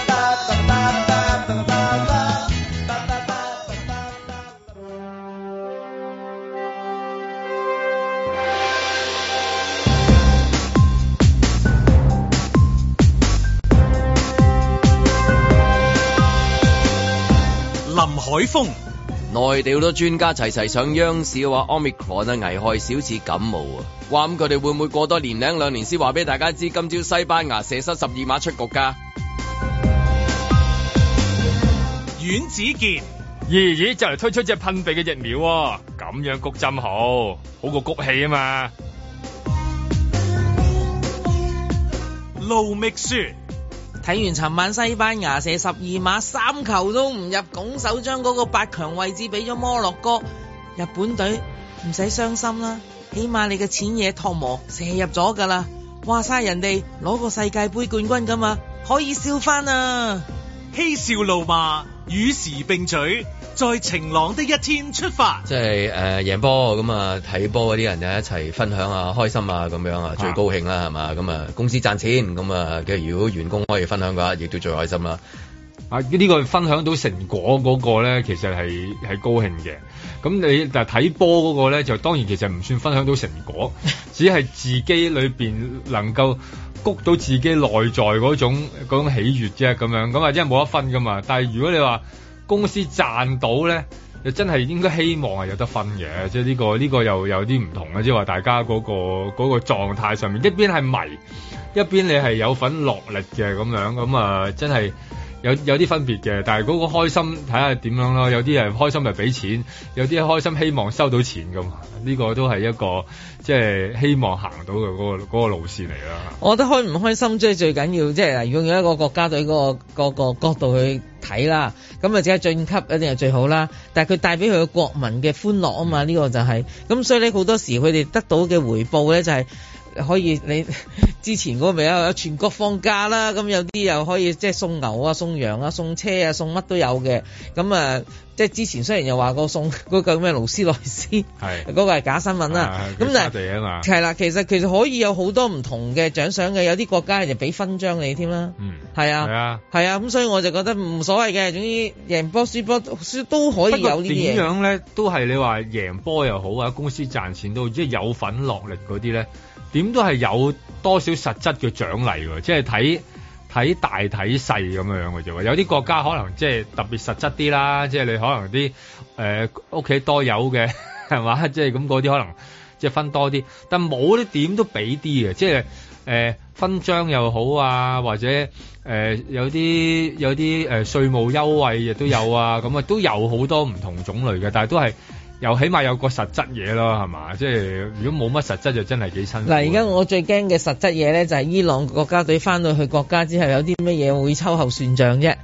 S2: 海風，內地好多專家齊齊上央視話 omicron 啊，危害小似感冒，啊哇，話咁佢哋會唔會過多年零兩年先話俾大家知今朝西班牙
S1: 射失十二碼出局噶，啊？阮子健，哎，咦咦就嚟，推出隻噴鼻嘅疫苗，啊，咁樣谷針好，好過谷氣啊嘛。盧
S3: 覓雪。睇完尋晚西班牙射十二碼三球都唔入，拱手將嗰個八強位置俾咗摩洛哥。日本隊唔使傷心啦，起碼你嘅淺野拓磨射入咗噶啦。話晒人哋攞個世界杯冠軍㗎嘛，可以笑翻啊！嬉笑怒罵與時並舉。在晴朗的一天出發，
S2: 即係誒贏波咁啊！睇波嗰啲人一齊分享啊，開心啊咁樣啊，最高興啦係嘛？咁啊公司賺錢咁啊，
S1: 佢如果員工可以分享嘅話，亦都最開心啦。啊呢、這個分享到成果嗰個咧，其實係係高興嘅。咁你但係睇波嗰個咧，就當然其實唔算分享到成果， 只係自己裏邊能夠谷到自己內在嗰種嗰種喜悅啫。咁樣咁啊，即係冇得分噶嘛。但係如果你話，公司賺到咧，又真係應該希望係有得分嘅，即係、呢、呢個呢、呢個又有啲唔同啦，即係話大家嗰、嗰個嗰、嗰個狀態上面，一邊係迷，一邊你係有份落力嘅咁樣，咁啊真係。有有啲分別嘅，但係嗰個開心睇下點樣咯。有啲係開心咪俾錢，有啲係開心希望收到錢噶嘛。呢、這個都係一個即係、就是、希望行到嘅嗰、那個嗰、那個、路線嚟啦。
S3: 我覺得開唔開心最最緊要即係、就是、用有一個國家隊嗰、那個那個角度去睇啦，咁啊只係進級一定係最好啦。但係佢帶俾佢嘅國民嘅歡樂啊嘛，呢、這個就係、是、咁，所以咧好多時佢哋得到嘅回報咧就係、是。可以你之前嗰個咪有全國放假啦，咁有啲又可以即係送牛啊、送羊啊、送車啊、送乜都有嘅。咁啊，即係之前雖然又話過送嗰個咩勞斯萊斯嗰、嗰個係假新聞啦。咁啊，係啦，其實其實可以有好多唔同嘅獎賞嘅，有啲國家人就俾勳章你添啦。嗯，係啊，係啊，咁所以我就覺得唔所謂嘅，總之贏波輸波輸波輸都可以有啲嘢。點樣
S1: 咧？都係你話贏波又好啊，公司賺錢都即係有份落力嗰啲咧。點都係有多少實質嘅獎勵喎。即係睇睇大睇細咁樣嘅啫。有啲國家可能即係特別實質啲啦，即係你可能啲誒屋企多有嘅係嘛？即係咁嗰啲可能即係分多啲，但冇啲點都俾啲嘅。即係誒勳章又好啊，或者誒、呃、有啲有啲誒稅務優惠亦都有啊。咁啊都有好多唔同種類嘅，但係都係。又起碼有個實質嘢咯，係嘛？即係如果冇乜實質，就的的的實質東西，就真係幾辛苦。嗱，而家
S3: 我最驚嘅實質嘢咧，就係伊朗國家隊翻到去國家之後，有啲乜嘢會秋後算賬啫。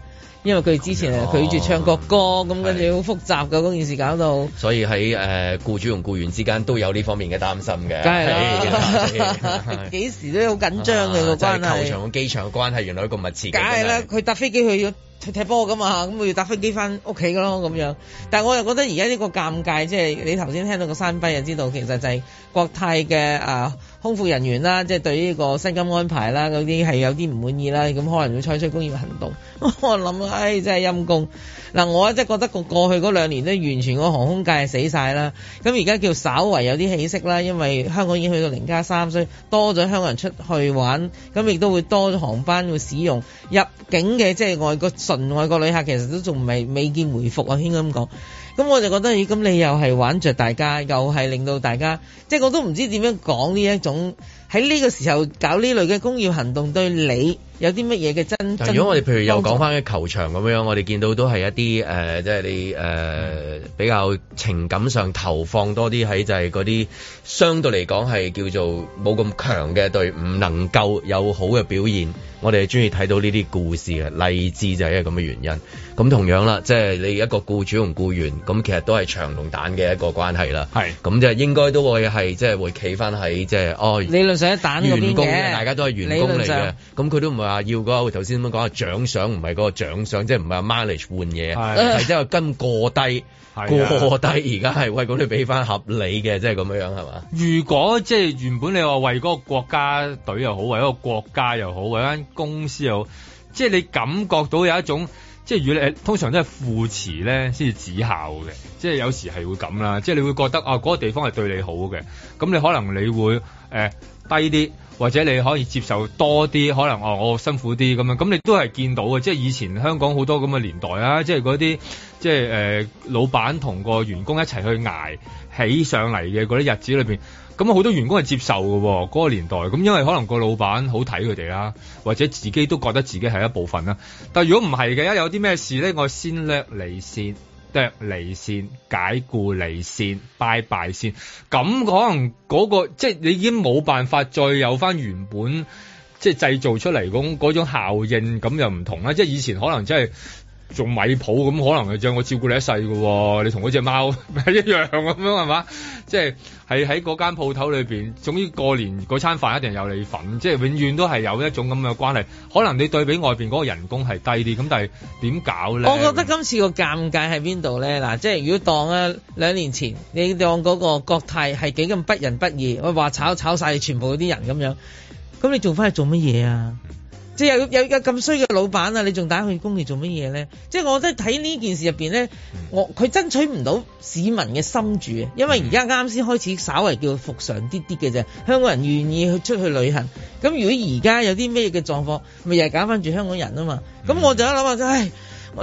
S3: 因為佢之前係拒絕唱國歌，咁跟住好複雜嘅嗰件事搞到，
S2: 所以喺誒、呃、僱主同僱員之間都有呢方面嘅擔心嘅。梗係幾
S3: 時都好緊張嘅個、啊、關係。就係球、是、場同
S2: 機場嘅關係，原來咁密切。梗係啦，
S3: 佢搭飛機去要踢波㗎嘛，咁佢搭飛機翻屋企㗎咯咁樣。但係我又覺得而家呢個尷尬，即、就、係、是、你頭先聽到個山碑就知道，其實就係國泰嘅公務人員啦，即係對於呢個薪金安排啦，嗰啲係有啲唔滿意啦，咁可能會採取工業行動。我諗，唉，真係陰公。嗱，我真係覺得過過去嗰兩年咧，完全個航空界係死晒啦。咁而家叫稍為有啲起色啦，因為香港已經去到零加三，所以多咗香港人出去玩，咁亦都會多咗航班會使用。入境嘅即係外國純外國旅客，其實都仲未未見回復啊，軒哥咁講。咁我就覺得咦，咁你又係玩著大家，又係令到大家，即係我都唔知點樣講呢一種喺呢個時候搞呢類嘅工業行動對你。有啲乜嘢嘅真？如果我哋譬如又講翻
S2: 嘅球場咁樣，我哋見到都係一啲誒即係你誒、呃、比較情感上投放多啲喺就係嗰啲相對嚟講係叫做冇咁強嘅隊伍，能夠有好嘅表現，我哋係中意睇到呢啲故事嘅勵志就係一個咁嘅原因。咁同樣啦，即係你一個雇主同雇員咁其實都係長龍蛋嘅一個關係啦。係咁即係應該都會係即係會企翻喺即係哦。理論上一蛋員工大家都係員工嚟嘅，咁佢都唔係。啊、那個！要個頭先咁樣講啊，獎賞唔係嗰個獎賞，即係唔係 manage 換嘢，係即係跟過低，
S1: 過
S2: 低而家係喂，咁你俾翻合理嘅，即係咁樣樣係嘛？
S1: 如果即係原本你話為嗰個國家隊又好，為一個國家又好，為一間公司又好，即係你感覺到有一種即係如果你通常都係父慈咧先至子孝嘅，即係有時係會咁啦。即係你會覺得啊，嗰、哦那個地方係對你好嘅，咁你可能你會誒、呃、低啲。或者你可以接受多啲，可能哦，我辛苦啲咁樣，咁你都係見到嘅，即係以前香港好多咁嘅年代啊，即係嗰啲即係誒、呃、老闆同個員工一齊去捱起上嚟嘅嗰啲日子裏面。咁好多員工係接受嘅嗰、嗰個年代，咁因為可能個老闆好睇佢哋啦，或者自己都覺得自己係一部分啦。但係如果唔係嘅，一有啲咩事咧，我先叻你先。脫離線、解僱離線、拜拜線，咁可能嗰、嗰個即係你已經冇辦法再有翻原本即係製造出嚟咁嗰種效應，咁又唔同啦。即係以前可能真係。做米鋪咁可能係將我照顧你一世嘅喎，你同嗰隻貓咪 一樣咁樣係嘛？即係係喺嗰間舖頭裏邊，總之過年嗰餐飯一定有你份，即係永遠都係有一種咁嘅關係。可能你對比外邊嗰個人工係低啲，咁但係點搞咧？我覺得
S3: 今次個尷尬喺邊度咧？嗱，即係如果當啊兩年前你當嗰個國泰係幾咁不仁不義，我話炒炒晒全部嗰啲人咁樣，咁你做翻去做乜嘢啊？即係有有咁衰嘅老闆啊！你仲打去工地做乜嘢咧？即係我係睇呢件事入面咧、嗯，我佢爭取唔到市民嘅心住，因為而家啱啱先開始稍微叫復常啲啲嘅啫。香港人願意去出去旅行，咁如果而家有啲咩嘅狀況，咪又係揀翻住香港人啊嘛。咁、嗯、我就一諗話，真係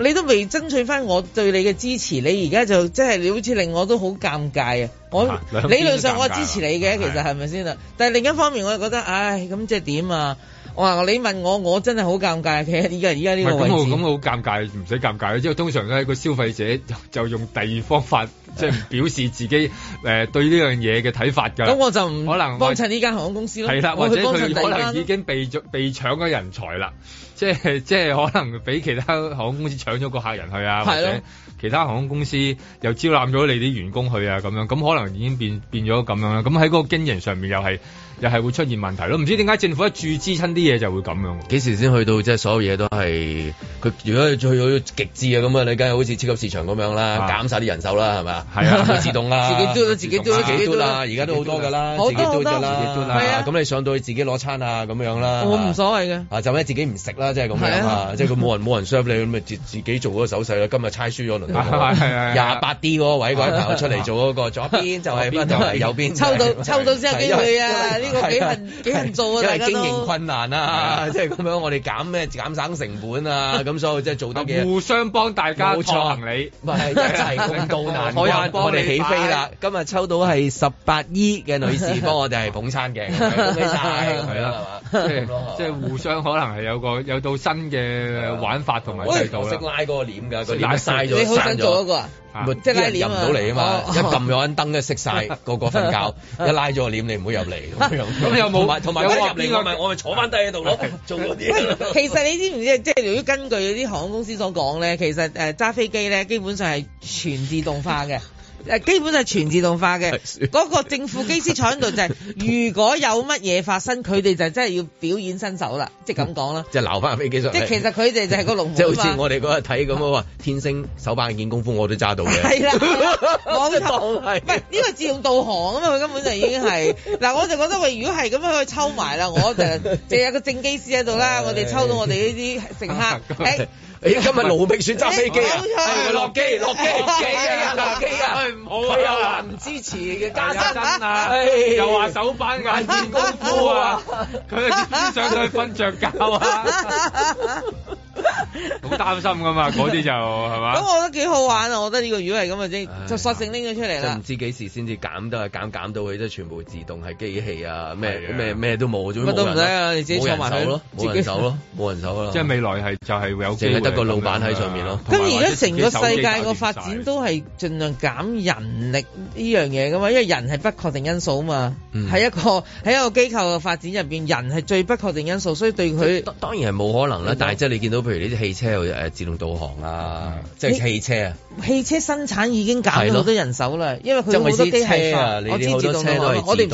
S3: 你都未爭取翻我對你嘅支持，你而家就即係你好似令我都好尷尬啊！我理論上我支持你嘅，其實係咪先啦？但係另一方面，我就覺得唉，咁即係點啊？哇你問我，我真係好尷尬。嘅。依家依家呢個係咁咁
S1: 好尷尬，唔使尷尬。即係通常咧，個消費者就用第二方法，即 係表示自己對呢樣嘢嘅睇法㗎。咁 我
S3: 就唔可能幫襯呢間航空公司咯。係啦，或者佢可能已
S1: 經被搶被搶咗人才啦， 即係即係可能俾其他航空公司搶咗個客人去啊，或者其他航空公司又招攬咗你啲員工去啊咁樣。咁可能已經變變咗咁樣啦。咁喺嗰個經營上面又係。就係會出現問題咯，唔知點解政府一注資親啲嘢就會咁樣。幾時先去到即係所有嘢都係佢？如果去到極致啊咁啊，你梗係好似超級市
S2: 場咁樣、啊、是是啦，減晒啲人手啦，係咪？係啊，自動啦。自己嘟啦，自己嘟啦，自己嘟啦，而家都好多㗎啦，自己嘟㗎啦，自己嘟啦，係啊，咁、啊、你上到去自己攞餐啊咁樣啦。我唔所謂嘅、啊。就咩、是、自己唔食啦，即係咁啊，即係佢冇人冇 人 serve 你咁咪自己做嗰個手勢啦。今日猜輸咗輪到，係 係啊，廿八啲嗰位嗰位朋友出嚟做嗰、嗰個，左邊就係邊頭，右邊抽到抽到之後有機會啊！係啊，俾人做啊，因為經營困
S3: 難啊，即係咁
S2: 樣我哋減咩減省成本啊，咁 所以即係做多嘢，互相幫大家行李。冇錯， 一齊共度難關。 幫我哋起飛啦！ 今日抽到係十八 E 嘅女士幫
S1: 我哋係捧餐嘅，恭喜曬！係 啦、啊，係
S2: 嘛？
S1: 即係即係互相可能係有個有到新嘅玩法同埋制度啦。識、哎、拉
S2: 嗰個簾㗎，拉曬咗，你好想做一個啊？ 即係入唔到嚟啊嘛！啊啊一撳咗
S1: 間燈都熄晒，啊，個個瞓覺，啊，一
S3: 拉咗個簾，你唔會入嚟咁有冇？同埋入呢個咪
S2: 我咪，啊、坐翻低喺度囉，做啲。其
S3: 實你知唔知即係由於根據啲航空公司所講咧，其實誒揸、呃、飛機咧，基本上係全自動化嘅，啊。誒基本就係全自動化嘅，嗰個正副機師坐喺度，就係如果有乜嘢發生，佢 哋就真係要表演新手啦、就是，即係咁講啦，
S2: 即係撈翻架飛機上，即係其實
S3: 佢哋就係個龍門。即係好似我
S2: 哋嗰日睇咁啊，天星手板件功夫我都揸到嘅。係啦、
S3: 啊，我、啊、當呢個自動導航啊嘛，佢根本就已經係嗱，我就覺得喂，如果係咁樣去抽埋啦，我就就有一個正機師喺度啦， 我哋抽到我哋呢啲乘客。 哎 你 今日勞命選擇揸飛機啊？落、哎哎、機落機機落機啊！佢、哎啊哎、又話唔
S1: 支持嘅加薪啊！又話手板眼見功夫啊！
S3: 佢上到去
S1: 瞓着覺啊！好、
S3: 哎、
S1: 擔心㗎嘛，嗰啲就係嘛？
S3: 咁我覺得幾好玩啊！我覺得呢個如果係咁嘅啫，就索性拎咗出嚟啦。就唔
S2: 知幾時先至減得啊？減減到佢都全部自動係機器啊！咩咩咩都冇，最尾都唔使啊！你自己收埋佢咯，自己手咯，
S1: 冇人手啦、啊啊啊 啊啊。即係未來係就係有機會。個老闆喺上面咯。咁而家成個世界個
S3: 發展都係盡量減人力呢樣嘢噶嘛，因為人係不確定因素啊嘛。係、嗯、一個喺一個機構嘅發展入面，人係最不確定因素，所以對佢當
S2: 然係冇可能啦。但係即係你見到譬如呢啲汽車有自動導航啊，即、嗯、係汽車
S3: 啊。汽車生產已經減咗好多人手啦，因為佢好多機械啊、即係，我好多車都係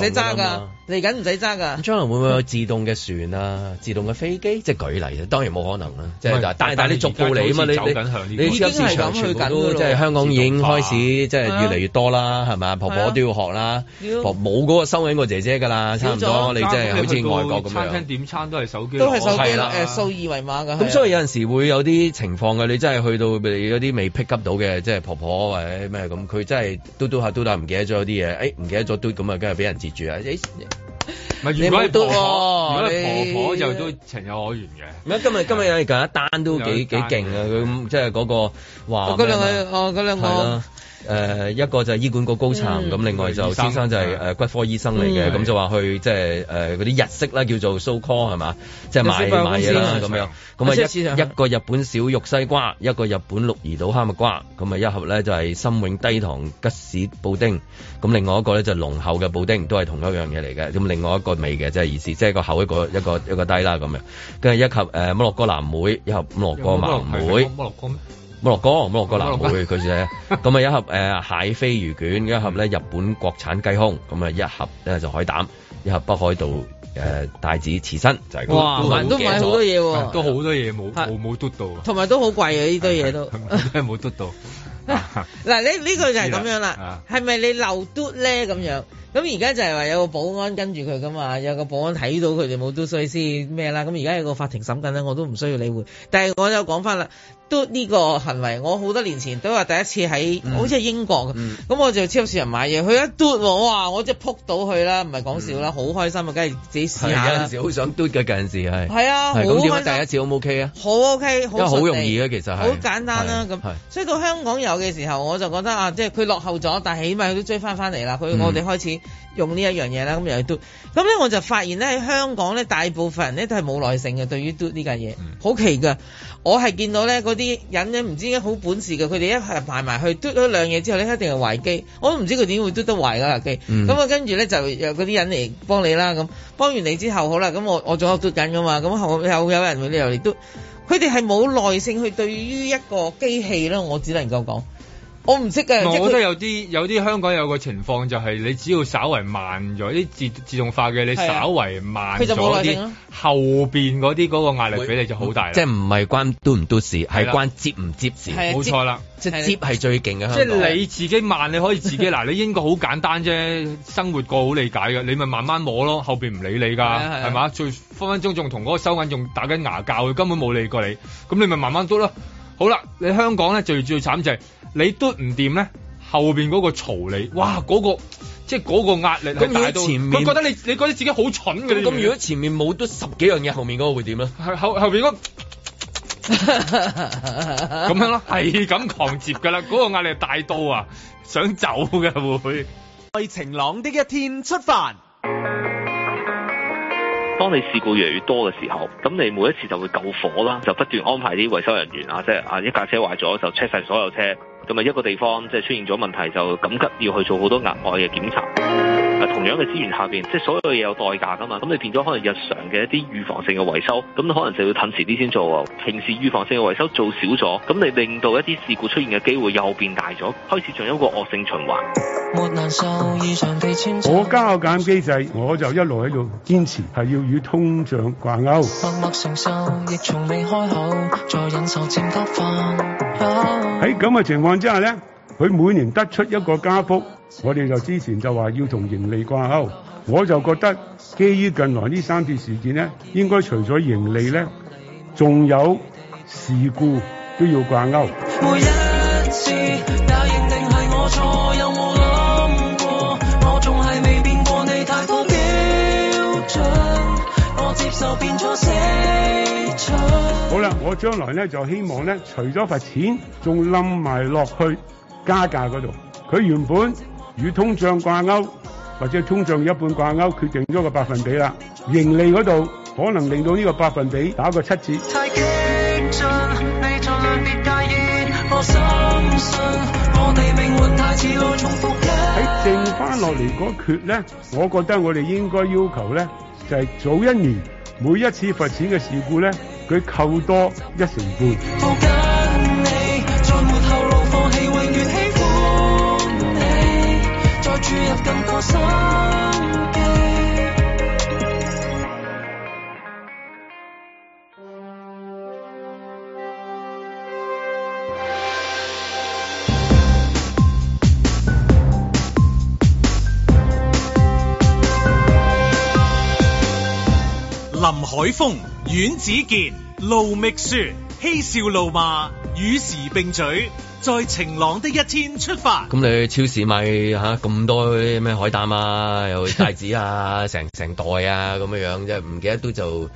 S3: 唔使揸噶，嚟緊唔使揸噶。
S2: 來將來會唔會有自動嘅船啊、嗯、自動嘅飛機？即係舉例，當然冇可能啦。即係但係逐步嚟嘛，走向你你已經係咁去緊，即係香港已經開始，即係越嚟越多啦，係嘛、啊？婆婆都要學啦、啊，婆冇嗰、那個收緊過姐姐㗎啦，差唔多。你即係好似外國咁樣。餐廳
S1: 點餐都係
S3: 手機，都係手機誒掃二維碼㗎。咁、啊啊、所以
S2: 有陣時會有啲情況㗎，你真係去到你有啲未 pick up 到嘅，即係婆婆或者咩咁，佢、哎、真係嘟嘟下嘟下唔記得咗啲嘢，誒唔記得咗嘟咁啊，跟住俾人截住啊！哎哎唔係，你冇得喎。如果你婆婆，你婆，婆，你婆，婆就都情有可原嘅。唔係今日今日又係隔一單都幾單幾勁啊！佢即係嗰個話。哦，
S3: 嗰兩個。哦
S2: 誒、呃、一個就係醫管局高層，咁、嗯、另外就先生就係誒骨科醫生嚟嘅，咁、嗯嗯、就話去即係誒嗰啲日式啦，叫做 so call 係嘛，即、就、係、是、買嘢啦咁、啊、樣。咁啊一一個日本小玉西瓜、嗯，一個日本鹿兒島哈密瓜，咁、嗯、啊一盒咧就係、是、森永低糖吉士布丁，咁、嗯、另外一個咧就是濃厚嘅布丁，都係同一樣嘢嚟嘅，咁另外一個味嘅即係意思，即、就、係、是、個口一個一個一個低啦咁樣，跟、嗯、住、嗯、一盒誒摩洛哥藍莓，一盒摩洛哥藍莓。菠蘿乾、菠蘿乾藍莓，佢就咁啊！一盒誒蟹飛魚卷，一盒咧日本國產雞胸，咁啊一盒咧就海膽，一盒北海道誒帶子刺身，就係、係、咁。哇！都買好多嘢、
S3: 啊，都
S1: 好多嘢冇冇嘟
S3: 到，同埋都好貴嘅呢堆嘢都，
S1: 係冇嘟到。
S3: 嗱、 啊，你呢句就係咁樣啦，係咪你漏嘟咧咁樣？咁而家就係話有個保安跟住佢噶嘛，有個保安睇到佢哋冇嘟，所以先咩啦？咁而家有個法庭審緊咧，我都唔需要理會。但係我有講翻啦。do、這、呢個行為，我好多年前都話第一次喺、嗯，好似係英國嘅，咁、嗯、我就超市人買嘢，佢一 do 喎，哇，我即係撲到去啦，唔係講笑啦，好、嗯、開心啊，梗係自己試下，有陣時好
S2: 想 do 嘅，有陣時係。係啊，咁點解第一次好 OK 啊？
S3: 好 OK，都好容易嘅
S2: 其實係。好簡單啦，咁，
S3: 所以到香港有嘅時候，我就覺得啊，即係佢落後咗，但係起碼都追翻翻嚟啦，佢、嗯、我哋開始。用呢一樣嘢啦，咁又係嘟。咁咧，我就發現咧喺香港咧，大部分人咧都係冇耐性嘅，對於嘟呢間嘢，好奇㗎。我係見到咧嗰啲人呢，唔知好本事嘅，佢哋一排埋去嘟咗兩嘢之後咧，一定係壞機。我都唔知佢點會嘟得壞㗎啦機。咁、嗯、啊，跟住咧就有嗰啲人嚟幫你啦，咁幫完你之後好啦，咁我我仲有嘟緊㗎嘛，咁後有有人嚟又嚟嘟。佢哋係冇耐性去對於一個機器咧，我只能夠講。我唔識嘅，我覺得有
S1: 啲有啲香港有個情況就係你只要稍微慢咗啲自自動化嘅，你稍微慢咗啲，後面嗰啲嗰個壓力俾你就好大。即係
S2: 唔係關 d 唔 d 事，係、啊、關接唔接
S1: 事。冇、啊、錯啦、啊就是，
S2: 即係接係最勁嘅香港。即係
S1: 你自己慢，你可以自己嗱， 你應該好簡單啫，生活過好理解嘅，你咪慢慢摸咯。後面唔理你㗎，係嘛、啊啊？最分分鐘仲同嗰個收銀仲打緊牙教，佢根本冇理過你。咁你咪慢慢督咯。好啦，你香港咧最最慘就係、是。你都唔掂咧，後邊嗰個嘈你，哇，嗰、嗰個即係嗰個壓力大到前面佢覺得你，你覺得自己好蠢嘅，咁如果前面冇咗十幾樣嘢，後面嗰個會點咧？後後後邊咁樣咯吧，係 咁狂接噶啦，嗰、嗰個壓力大到啊，想走嘅會，會。在晴
S3: 朗的一天出發。
S2: 當你事故越嚟越多嘅時候，咁你每一次就會救火啦，就不斷安排啲維修人員啊，即係啊一架車壞咗就 check 晒所有車，咁啊一個地方即係出現咗問題就緊急要去做好多額外嘅檢查。同樣嘅資源下邊，即係所有嘢有代價噶嘛，咁你變咗可能日常嘅一啲預防性嘅維修，咁可能就要褪遲啲先做喎。平時預防性嘅維修做少咗，咁你令到一啲事故出現嘅機會又變大咗，開始仲有一個惡性循環。
S1: 我加減機制，我就一路喺度堅持，係、嗯、要與通脹掛鈎。默默承受，
S2: 亦從未開口，再
S1: 忍受。喺咁嘅情況之下呢。佢每年得出一個加幅，我哋就之前就話要同盈利掛鈎。我就覺得，基於近來呢三次事件咧，應該除咗盈利咧，仲有事故都要掛鈎。
S2: 好
S1: 啦，我將來咧就希望咧，除咗罰錢，仲冧埋落去。加價嗰度，佢原本與通脹掛鈎，或者通脹一半掛鈎，決定咗個百分比啦。盈利嗰度可能令到呢個百分比打個七折。喺剩翻落嚟嗰缺咧，我覺得我哋應該要求咧，就係、是、早一年每一次罰錢嘅事故咧，佢扣多一成半。心林海峰、阮子健、盧覓雪、嬉笑怒罵。與時並舉，在晴朗
S3: 的一天出發。
S2: 咁你去超市買吓咁多咩海膽啊，又帶、啊、子啊， 成成袋啊咁樣樣，即係唔記得都就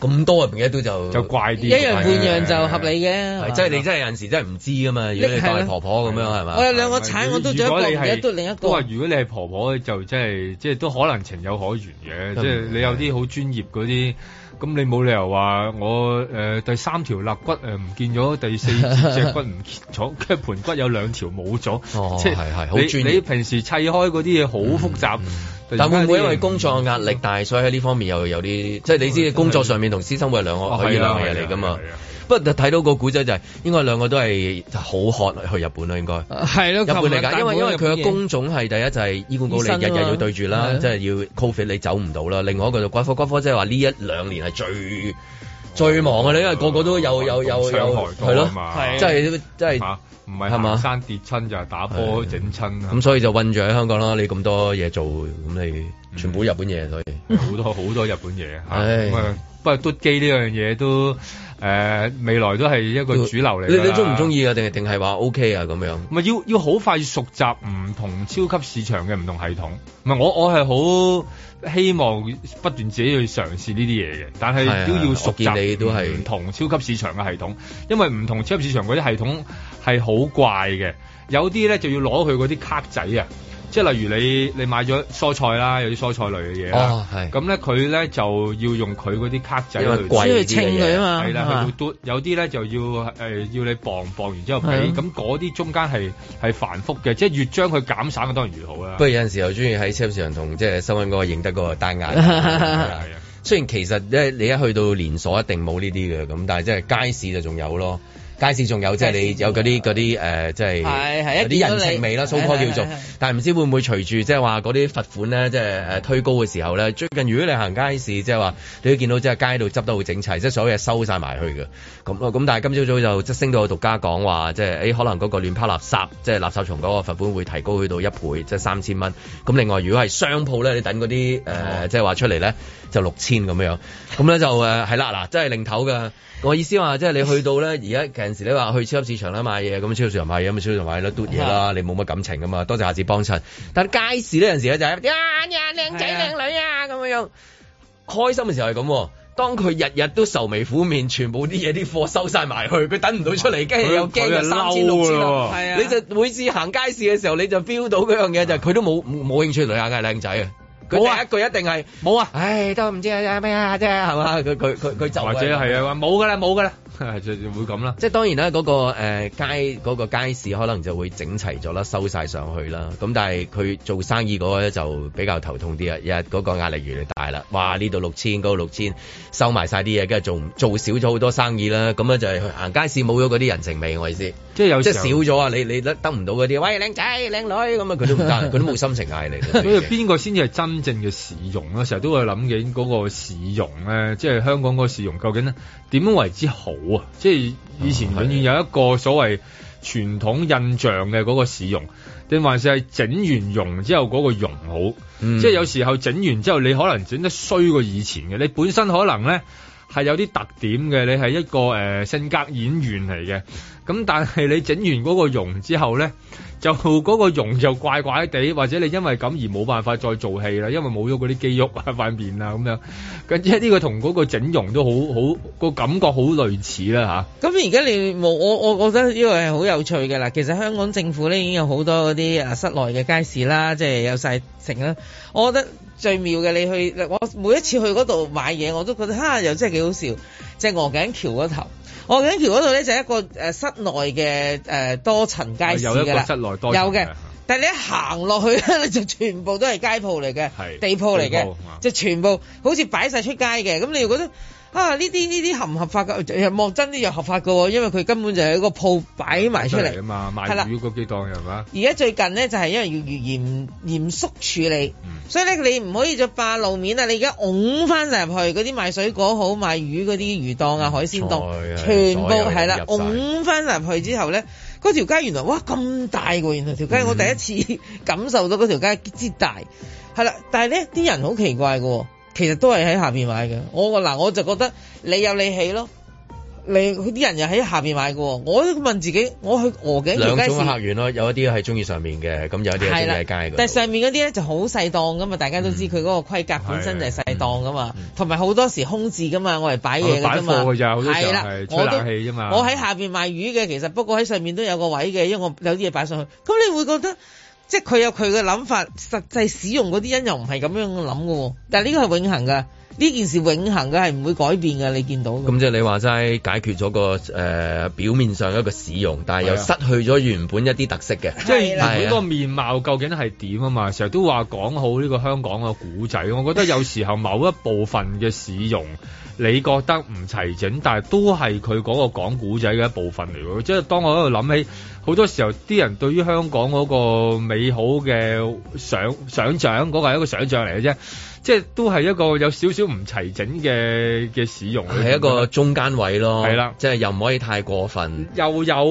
S2: 咁多，唔記得都就
S1: 就怪啲，一樣半樣就
S3: 合理嘅。即係你真係有
S1: 陣時候真係唔知噶嘛，如果你當你婆婆咁樣係咪？我有兩個鏟，我都做一個，我做另一個。如果你係婆婆就真係即係都可能情有可原嘅，即、嗯、係、就是、你有啲好專業嗰啲。咁你冇理由話我誒、呃、第三條肋骨誒唔見咗，第四隻骨唔見咗，骨 盆骨有兩條冇咗、哦，即係係你，你，好專業。你平時砌開嗰啲嘢好複雜。嗯嗯。但會
S2: 唔會因為工作壓力大，所以喺呢方面又有啲，即係你知工作上面同私生活兩個可以兩樣嘢嚟㗎嘛？不過睇到個古仔就係、是、應該兩個都係好渴去日本啦，應該。係、啊、咯、啊，日本嚟㗎，因為因為佢嘅工種係第一就係、是、醫管局嚟，日日要對住啦，即係、啊就是、要 COVID 你走唔到啦。另外一個就骨科骨科，即係話呢一兩年係最、哦、最
S1: 忙嘅你因為個個都有有有有係咯，即係即係。唔係係嘛，行山跌親就係、是、打波整親啊。咁所以
S2: 就困住喺香港啦。你咁多嘢做，咁你
S1: 全部日本嘢、嗯，所以好 多好多日本嘢嚇 是的。 不過篤機呢樣嘢都。誒未來都係一個主流嚟，你你中唔中意啊？定係定係話 OK 啊？咁樣，咪要要好快熟習唔同超級市場嘅唔同系統。唔係我我係好希望不斷自己去嘗試呢啲嘢嘅，但係都要熟習唔同超級市場嘅系統，因為唔同超級市場嗰啲系統係好怪嘅，有啲咧就要攞佢嗰啲卡仔啊。即係例如你你買咗蔬菜啦，有啲蔬菜類嘅嘢啦，咁咧佢咧就要用佢嗰啲卡仔去需清佢啊嘛。係啦，佢會嘟，有啲咧就要誒要你磅磅完之後俾，咁嗰啲中間係係繁複嘅，即係越將佢減省，我當然越好啦。不過有陣
S2: 時又中意喺超市上同即係收銀嗰個認得嗰個單眼，雖然其實咧你一去到連鎖一定冇呢啲嘅，咁但係即係街市就仲有咯。街市仲有，即係你有嗰啲嗰啲誒，即
S3: 係嗰啲人情味啦。so called 叫做。是是
S2: 是但係唔知會唔會隨住即係話嗰啲罰款咧，即係誒推高嘅時候咧，最近如果你行街市，即係話你都見到即係街度執得好整齊，即係所有嘢收晒埋去嘅。咁咁，但係今朝早就即係升到個獨家講話，即係誒可能嗰個亂拋垃圾，即係垃圾蟲嗰個罰款會提高去到一倍，即係三千蚊。咁另外如果係商鋪咧，你等嗰啲誒，即係話出嚟咧。就六千咁樣樣，咁咧就誒係啦嗱，真係零頭噶。我意思話，即、就、係、是、你去到咧，而家有陣時你話去超級市場咧買嘢，咁超級市場買嘢咁超級市場買甩嘟嘢啦，你冇乜感情噶嘛。多謝下子幫襯。但街市呢、就是，有陣時咧
S3: 就係呀呀，靚、啊、仔
S2: 靚、啊、女啊咁樣樣，開心嘅時候係咁。當佢日日都愁眉苦面，全部啲嘢啲貨收晒埋去，佢等唔到出嚟，梗係又驚又嬲。3, 6, 啊，你就每次行街市嘅時候，你就 feel 到嗰樣嘢就係、是、佢都冇冇興趣女下嘅靚仔啊。冇啊，一句一定係冇啊！唉，
S3: 都唔知係
S2: 咩啫，係嘛？佢佢佢佢就或者係啊，冇噶啦，冇噶啦。就就會咁啦，即係當然啦，嗰個，誒，街，嗰個街市可能就會整齊咗啦，收曬上去啦。咁但係佢做生意嗰個咧就比較頭痛啲啊，一個壓力越嚟越大啦。哇！呢度六千，嗰度六千，收埋曬啲嘢，跟住做做少咗好多生意啦。咁咧就係、是、行街市冇咗嗰啲人情味，我意思，即係有即係少咗啊！你你得唔到嗰啲，喂，靚仔靚女咁啊，佢都佢 都冇心情嗌你。
S1: 咁啊，邊個先至係真正嘅市容啊？成日都會諗緊嗰個市容咧，即係香港嗰個市容究竟呢？點樣為之好啊？即係以前永遠有一個所謂傳統印象嘅嗰個市容，定還是係整完容之後嗰個容好？
S3: 嗯、即係
S1: 有時候整完之後，你可能整得衰過以前嘅，你本身可能咧。係有啲特點嘅，你係一個誒、呃、性格演員嚟嘅，咁但係你整完嗰個容之後咧，就嗰、嗰個容就怪怪地，或者你因為咁而冇辦法再做戲啦，因為冇咗嗰啲肌肉啊、塊面啊咁樣，咁即呢個同嗰個整容都好好、個感覺好類似啦吓。
S3: 咁而家你冇我我我覺得呢個係好有趣嘅啦，其實香港政府咧已經有好多嗰啲誒室內嘅街市啦，即、就、係、是、有晒剩啦，我覺得。最妙嘅，你去我每一次去嗰度買嘢，我都覺得嚇又真係幾好笑。即係鵝頸橋嗰頭，鵝頸橋嗰度咧就一個，呃呃，一個室內嘅誒多層街市噶啦，室內多有嘅。但係你一行落去咧，就全部都係街鋪嚟嘅，地鋪嚟嘅，即係全部好似擺晒出街嘅。咁你又覺得？啊！呢啲呢啲合唔合法噶？莫真啲又合法噶，因為佢根本就係一個鋪擺埋出嚟
S1: 啊嘛，賣魚嗰幾檔係咪啊？而
S3: 家最近咧就係因為要嚴嚴肅處理，嗯、所以咧你唔可以再霸路面啦。你而家拱翻入去嗰啲賣水果好賣魚嗰啲魚檔啊、海鮮檔、哎，全部係啦，拱翻入去之後咧，嗰條街原來哇咁大㗎、啊、喎！原來條街、嗯、我第一次感受到嗰條街之大，係啦，但係咧啲人好奇怪噶、啊。其實都係喺下邊買嘅，我嗱，我就覺得你有你氣咯，你佢啲人又喺下邊買嘅，我都問自己，我去鵝頸兩小客源咯，
S2: 有一啲係中意上面嘅，咁有啲係鍾意喺街，但係
S3: 上面嗰啲咧就好細檔噶嘛，大家都知佢嗰個規格本身就係細檔噶嘛，同埋好多時空置噶嘛，我嚟擺嘢嘅嘛。擺貨佢就係，係啦，我都吹冷氣啫嘛。我喺下邊賣魚嘅，其實不過喺上面都有個位嘅，因為我有啲嘢擺上去。咁你會覺得？即係佢有佢嘅諗法，實際使用嗰啲人又唔係咁樣諗㗎喎。但係呢個係永恆㗎，呢件事永恆嘅係唔會改變㗎。你見到咁
S2: 即係你話齋
S1: 解決咗個誒、呃、表面上一個使用，但係又失去咗原本一啲特色嘅、啊，即係原本個面貌究竟係點啊嘛？成日都話講好呢個香港嘅古仔，我覺得有時候某一部分嘅使用。 你覺得唔齊整，但係都係佢嗰個講古仔嘅一部分嚟喎。即係當我喺度諗起，好多時候啲人對於香港嗰個美好嘅想想象，嗰個係一個想象嚟嘅啫。即係都係一個有少少唔齊整嘅嘅市容，係一個中間位咯。係啦，即係又唔可以太過分，又有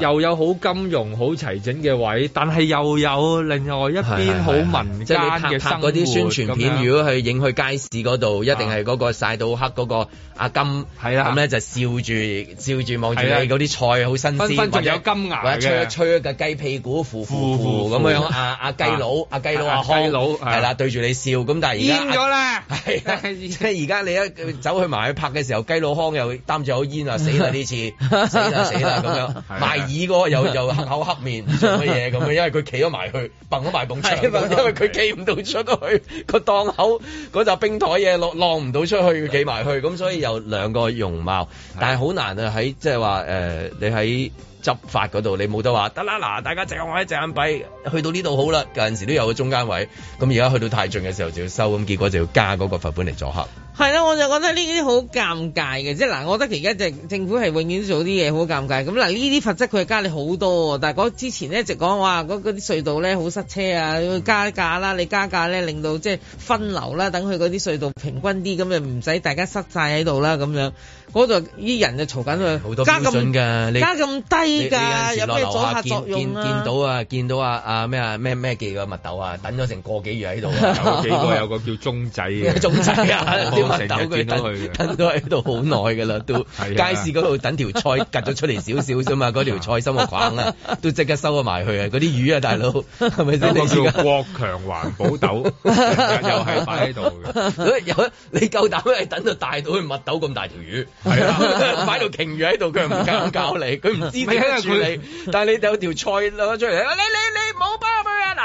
S1: 又有好金融好齊整嘅位，但係又有另外一邊好民間嘅生活。即係你拍拍嗰啲宣傳
S2: 片，如果去影去街市嗰度，一定係嗰個曬到黑嗰個阿金，係啦，咁咧就笑住笑住望住你嗰啲菜好新鮮，分仲有金牙嘅，吹吹嘅雞屁股，呼呼呼咁樣阿阿雞佬，阿、啊、雞、啊啊、佬，阿、啊、雞、啊、佬係啦、啊啊，對住你笑。咁但係而家。煙咗啦，係啊，即係而家你一走過去埋去拍嘅時候，雞佬康又擔住口煙啊，死啦呢次，死啦死啦咁樣，賣耳哥又又黑口黑面做乜嘢咁樣，因為佢企咗埋去，掟咗埋部車，因為佢企唔到出去個檔口嗰紮冰台嘢落，落唔到出去，企埋去，咁所以有兩個容貌，但係好難啊，喺即係話誒，你喺。執法嗰度，你冇得話，得啦嗱，大家借我一隻眼閉，去到呢度好啦，有陣時都有個中間位，咁而家去到太盡嘅時候就要收，咁結果就要加嗰個罰款嚟阻嚇。
S3: 係啦，我就覺得呢啲好尷尬嘅，即係嗱，我覺得其家政府係永遠都做啲嘢好尷尬。咁嗱，呢啲罰則佢係加你好多，但嗰之前咧，直講話嗰啲隧道咧好塞車啊，要加價啦，你加價咧令到即係分流啦，等佢嗰啲隧道平均啲，咁就唔使大家塞晒喺度啦，咁樣。嗰度啲人啊嘈緊佢，好多㗎你家咁低㗎，有咩阻嚇作用啊？見到
S2: 啊，見到啊，啊咩啊咩咩嘅麥豆啊，等咗成個幾月喺度、啊、有幾個有個叫鐘仔嘅，鐘仔啊，麥豆嘅等咗喺度好耐㗎啦？都 街市嗰度等，等條菜隔咗出嚟少少啫嘛，嗰條菜心個框啊，都即刻收咗埋去啊！嗰啲魚啊，大佬係咪先？呢 picvak 個叫國強環保豆， 又係擺喺度有你夠膽係等到大到去麥豆咁大條魚？係啊，擺到鯨魚喺度，佢唔敢教你，佢唔知睇住、啊、你，你。但係你有條菜攞出嚟，你你你唔好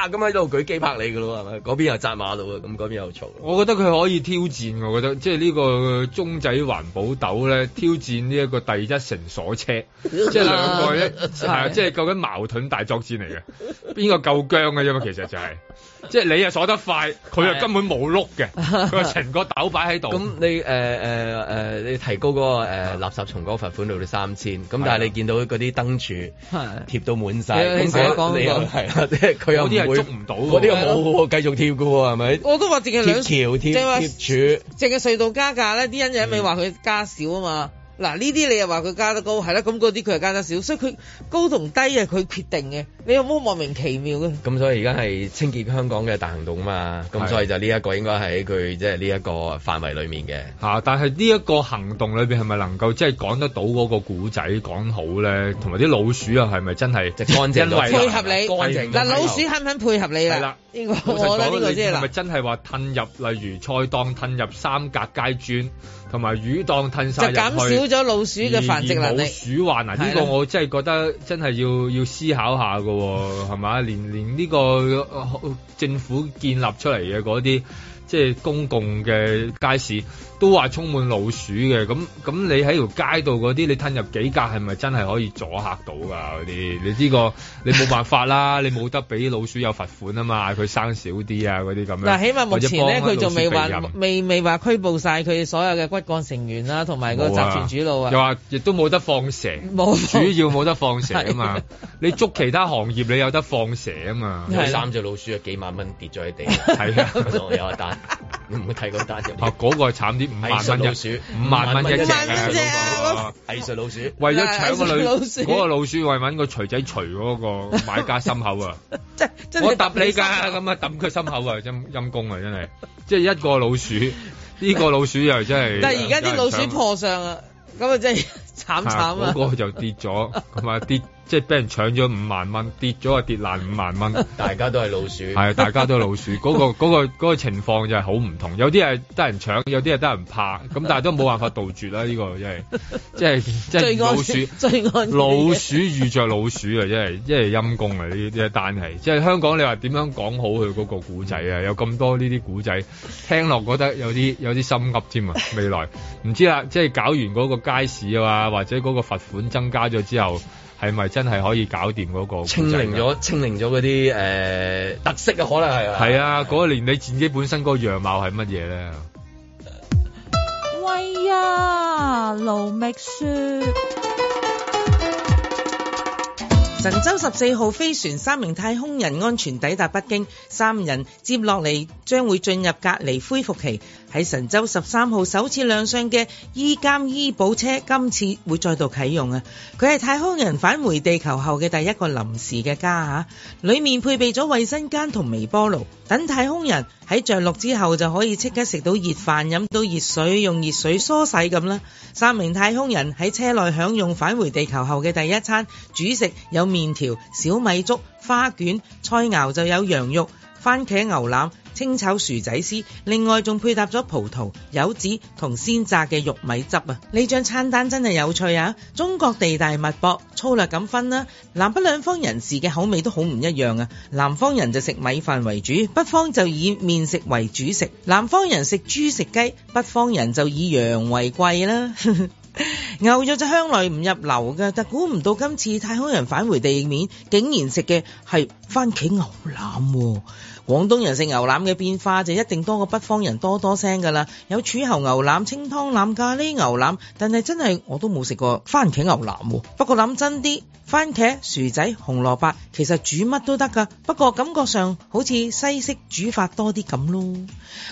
S2: 咁喺度舉機拍你噶咯，係咪？嗰邊又扎馬路啊，咁嗰邊又嘈。
S1: 我覺得佢可以挑戰，我覺得即係呢個中仔環保豆咧挑戰呢一個第一城鎖車， 即係兩個一系啊，即係究竟矛盾大作戰嚟嘅，邊個夠僵嘅啫嘛？其實就係、是。即係你又鎖得快，佢又根本冇碌嘅，佢 成個豆擺喺度。咁你誒誒、呃呃、你提高嗰、嗰個、呃、垃圾
S2: 蟲嗰個罰款到3000，你三千，咁但係你見到嗰啲燈柱貼貼到滿晒、嗯，你且講即係佢有啲係捉唔到，嗰啲又冇喎，繼續貼嘅喎，係咪？我
S3: 都話自己兩
S2: 條橋添，貼柱，
S3: 淨係隧道加價咧，啲人又一味話佢加少啊嘛。嗱呢啲你又話佢加得高，係啦，咁嗰啲佢又加得少，所以佢高同低係佢決定嘅。你有冇莫名其妙嘅？
S1: 咁所以而家係清潔香港嘅大行動啊嘛，咁所以就呢一個應該喺佢即係呢一個範圍裏面嘅、啊。但係呢一個行動裏面係咪能夠即係講得到嗰個古仔講好咧？同埋啲老鼠又係咪真係因為配合你嗱 老鼠肯
S3: 唔肯配合你啦？呢、這個我呢個即係啦。係咪
S1: 真係話吞入例如菜檔吞入三格街磚，同埋魚檔吞曬入就減少咗
S3: 老鼠嘅繁殖能力。
S1: 鼠患嗱呢個我真係覺得真係要要思考下係 嘛，連連呢個政府建立出嚟嘅嗰啲，即係公共嘅街市。都話充滿老鼠嘅，咁咁你喺條街道嗰啲，你吞入幾格係咪真係可以阻嚇到㗎嗰啲？你呢、呢個你冇辦法啦，你冇得俾老鼠有罰款啊嘛，佢生少啲啊嗰啲咁樣。但起碼目前咧佢仲未揾，
S3: 未未話拘捕曬佢所有嘅骨幹成員啦、啊，同埋個集團、啊、主腦啊。又話
S1: 亦都冇得放蛇，冇主要冇得放蛇啊嘛。 你捉其他行業你有得放蛇啊嘛。三
S2: 隻老鼠啊，幾萬蚊跌咗喺地，係啊，我有一單
S1: 唔會睇咁單入。嗰、 啊嗰個係慘啲。五萬蚊一隻，五萬蚊一隻啊！咁藝術老鼠，為咗搶個女，嗰個老鼠，老鼠、那個、老鼠為搵個錘仔錘嗰個買家口 心口啊！
S3: 即係，我揼你
S1: 噶，咁啊，抌佢心口啊，陰陰公啊，真係！即係一個老鼠，呢、這個老鼠又真係。但係而家啲老鼠破
S3: 相啊，咁啊真係慘慘啊！嗰、那個
S1: 就跌咗，咁啊跌。即係俾人搶咗五萬蚊，跌咗啊跌爛五萬蚊，
S2: 大家都係老鼠，係啊大
S1: 家都係老鼠，嗰、 嗰個嗰嗰、嗰個嗰個、情況就係好唔同。有啲係得人搶，有啲係得人怕，咁 但係都冇辦法杜絕啦、啊。呢、呢個真係即係即係老鼠
S3: 最，老鼠
S1: 遇著老鼠啊！真係即係陰公啊！呢啲單係即係香港，你話點樣講好佢嗰個古仔啊？有咁多呢啲古仔，聽落覺得有啲有啲心急添啊！未來唔知啦，即係搞完嗰個街市啊，或者嗰個罰款增加咗之後。係咪真係可以搞掂嗰個？清零咗，清零咗嗰啲誒特色啊，可能係係啊，嗰年你自己本身嗰個樣貌係乜嘢咧？
S3: 喂啊！盧覓雪，神舟十四號飛船三名太空人安全抵達北京，三人接落嚟將會進入隔離恢復期。喺神舟十三號首次亮相嘅醫監醫保車，今次會再度啟用啊！佢係太空人返回地球後嘅第一個臨時嘅家啊！裡面配備咗衛生間同微波爐，等太空人喺着陸之後就可以即刻食到熱飯、飲到熱水、用熱水梳洗咁啦。三名太空人喺車內享用返回地球後嘅第一餐，主食有麵條、小米粥、花卷、菜肴就有羊肉、番茄牛腩。清炒薯仔絲，另外仲配搭咗葡萄、柚子同鮮榨嘅玉米汁啊！呢張餐單真係有趣啊！中國地大物博，粗略咁分啦，啊，南北兩方人士嘅口味都好唔一樣啊！南方人就食米飯為主，北方就以麵食為主食。南方人食豬食雞，北方人就以羊為貴啦。 牛肉就向來唔入流㗎，但估唔到今次太空人返回地面，竟然食嘅係番茄牛腩，啊。廣東人食牛腩嘅變化就一定多過北方人多多聲㗎啦，有柱侯牛腩、清湯腩、咖喱牛腩，但係真係我都冇食過番茄牛腩喎。不過諗真啲，番茄、薯仔、紅蘿蔔其實煮乜都得㗎，不過感覺上好似西式煮法多啲咁咯。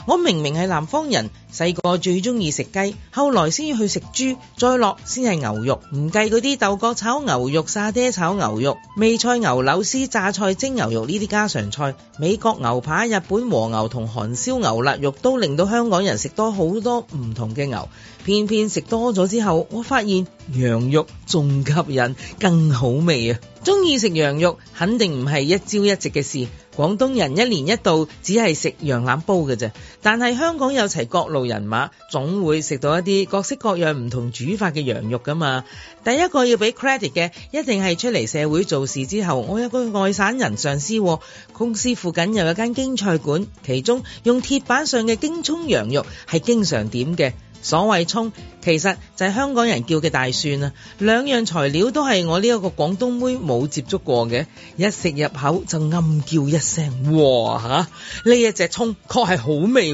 S3: 我明明係南方人，細個最中意食雞，後來先要去食豬，再落先係牛肉。唔計嗰啲豆角炒牛肉、沙爹炒牛肉、味菜牛柳絲、榨菜蒸牛肉呢啲家常菜，美國牛排、日本和牛同韓燒牛肋肉都令到香港人食多好多唔同嘅牛，偏偏食多咗之後，我發現羊肉仲吸引、更好味啊！中意食羊肉，肯定唔係一朝一夕嘅事。廣東人一年一度只係食羊腩煲嘅啫，但係香港有齊各路人馬，總會食到一啲各式各樣唔同煮法嘅羊肉㗎嘛。第一個要俾 credit 嘅，一定係出嚟社會做事之後，我有個外省人上司、哦，公司附近有一間京菜館，其中用鐵板上嘅京葱羊肉係經常點嘅。所謂葱，其實就係香港人叫嘅大蒜啊！兩樣材料都係我呢一個廣東妹冇接觸過嘅，一食入口就暗叫一聲哇嚇！呢一隻葱確係好味，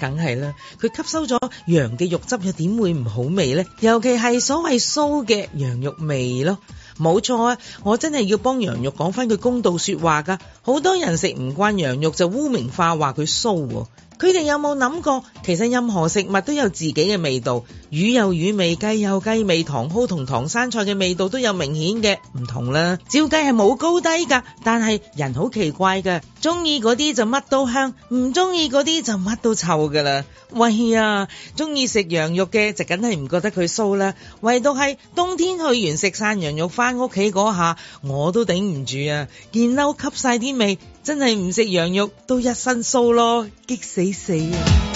S3: 梗係啦，佢吸收咗羊嘅肉汁，又點會唔好味呢？尤其係所謂酥嘅羊肉味咯，冇錯啊！我真係要幫羊肉講翻句公道説話㗎，好多人食唔慣羊肉就污名化話佢酥喎。佢哋有冇諗過？其實任何食物都有自己嘅味道，魚有魚味，雞有雞味，糖蒿同唐生菜嘅味道都有明顯嘅唔同啦。照計係冇高低噶，但係人好奇怪噶，中意嗰啲就乜都香，唔中意嗰啲就乜都臭噶啦。喂啊，中意食羊肉嘅就梗係唔覺得佢騷啦，唯獨係冬天去完食山羊肉翻屋企嗰下，我都頂唔住啊！見嬲吸晒啲味。真係唔食羊肉都一身臊咯，激死死啊！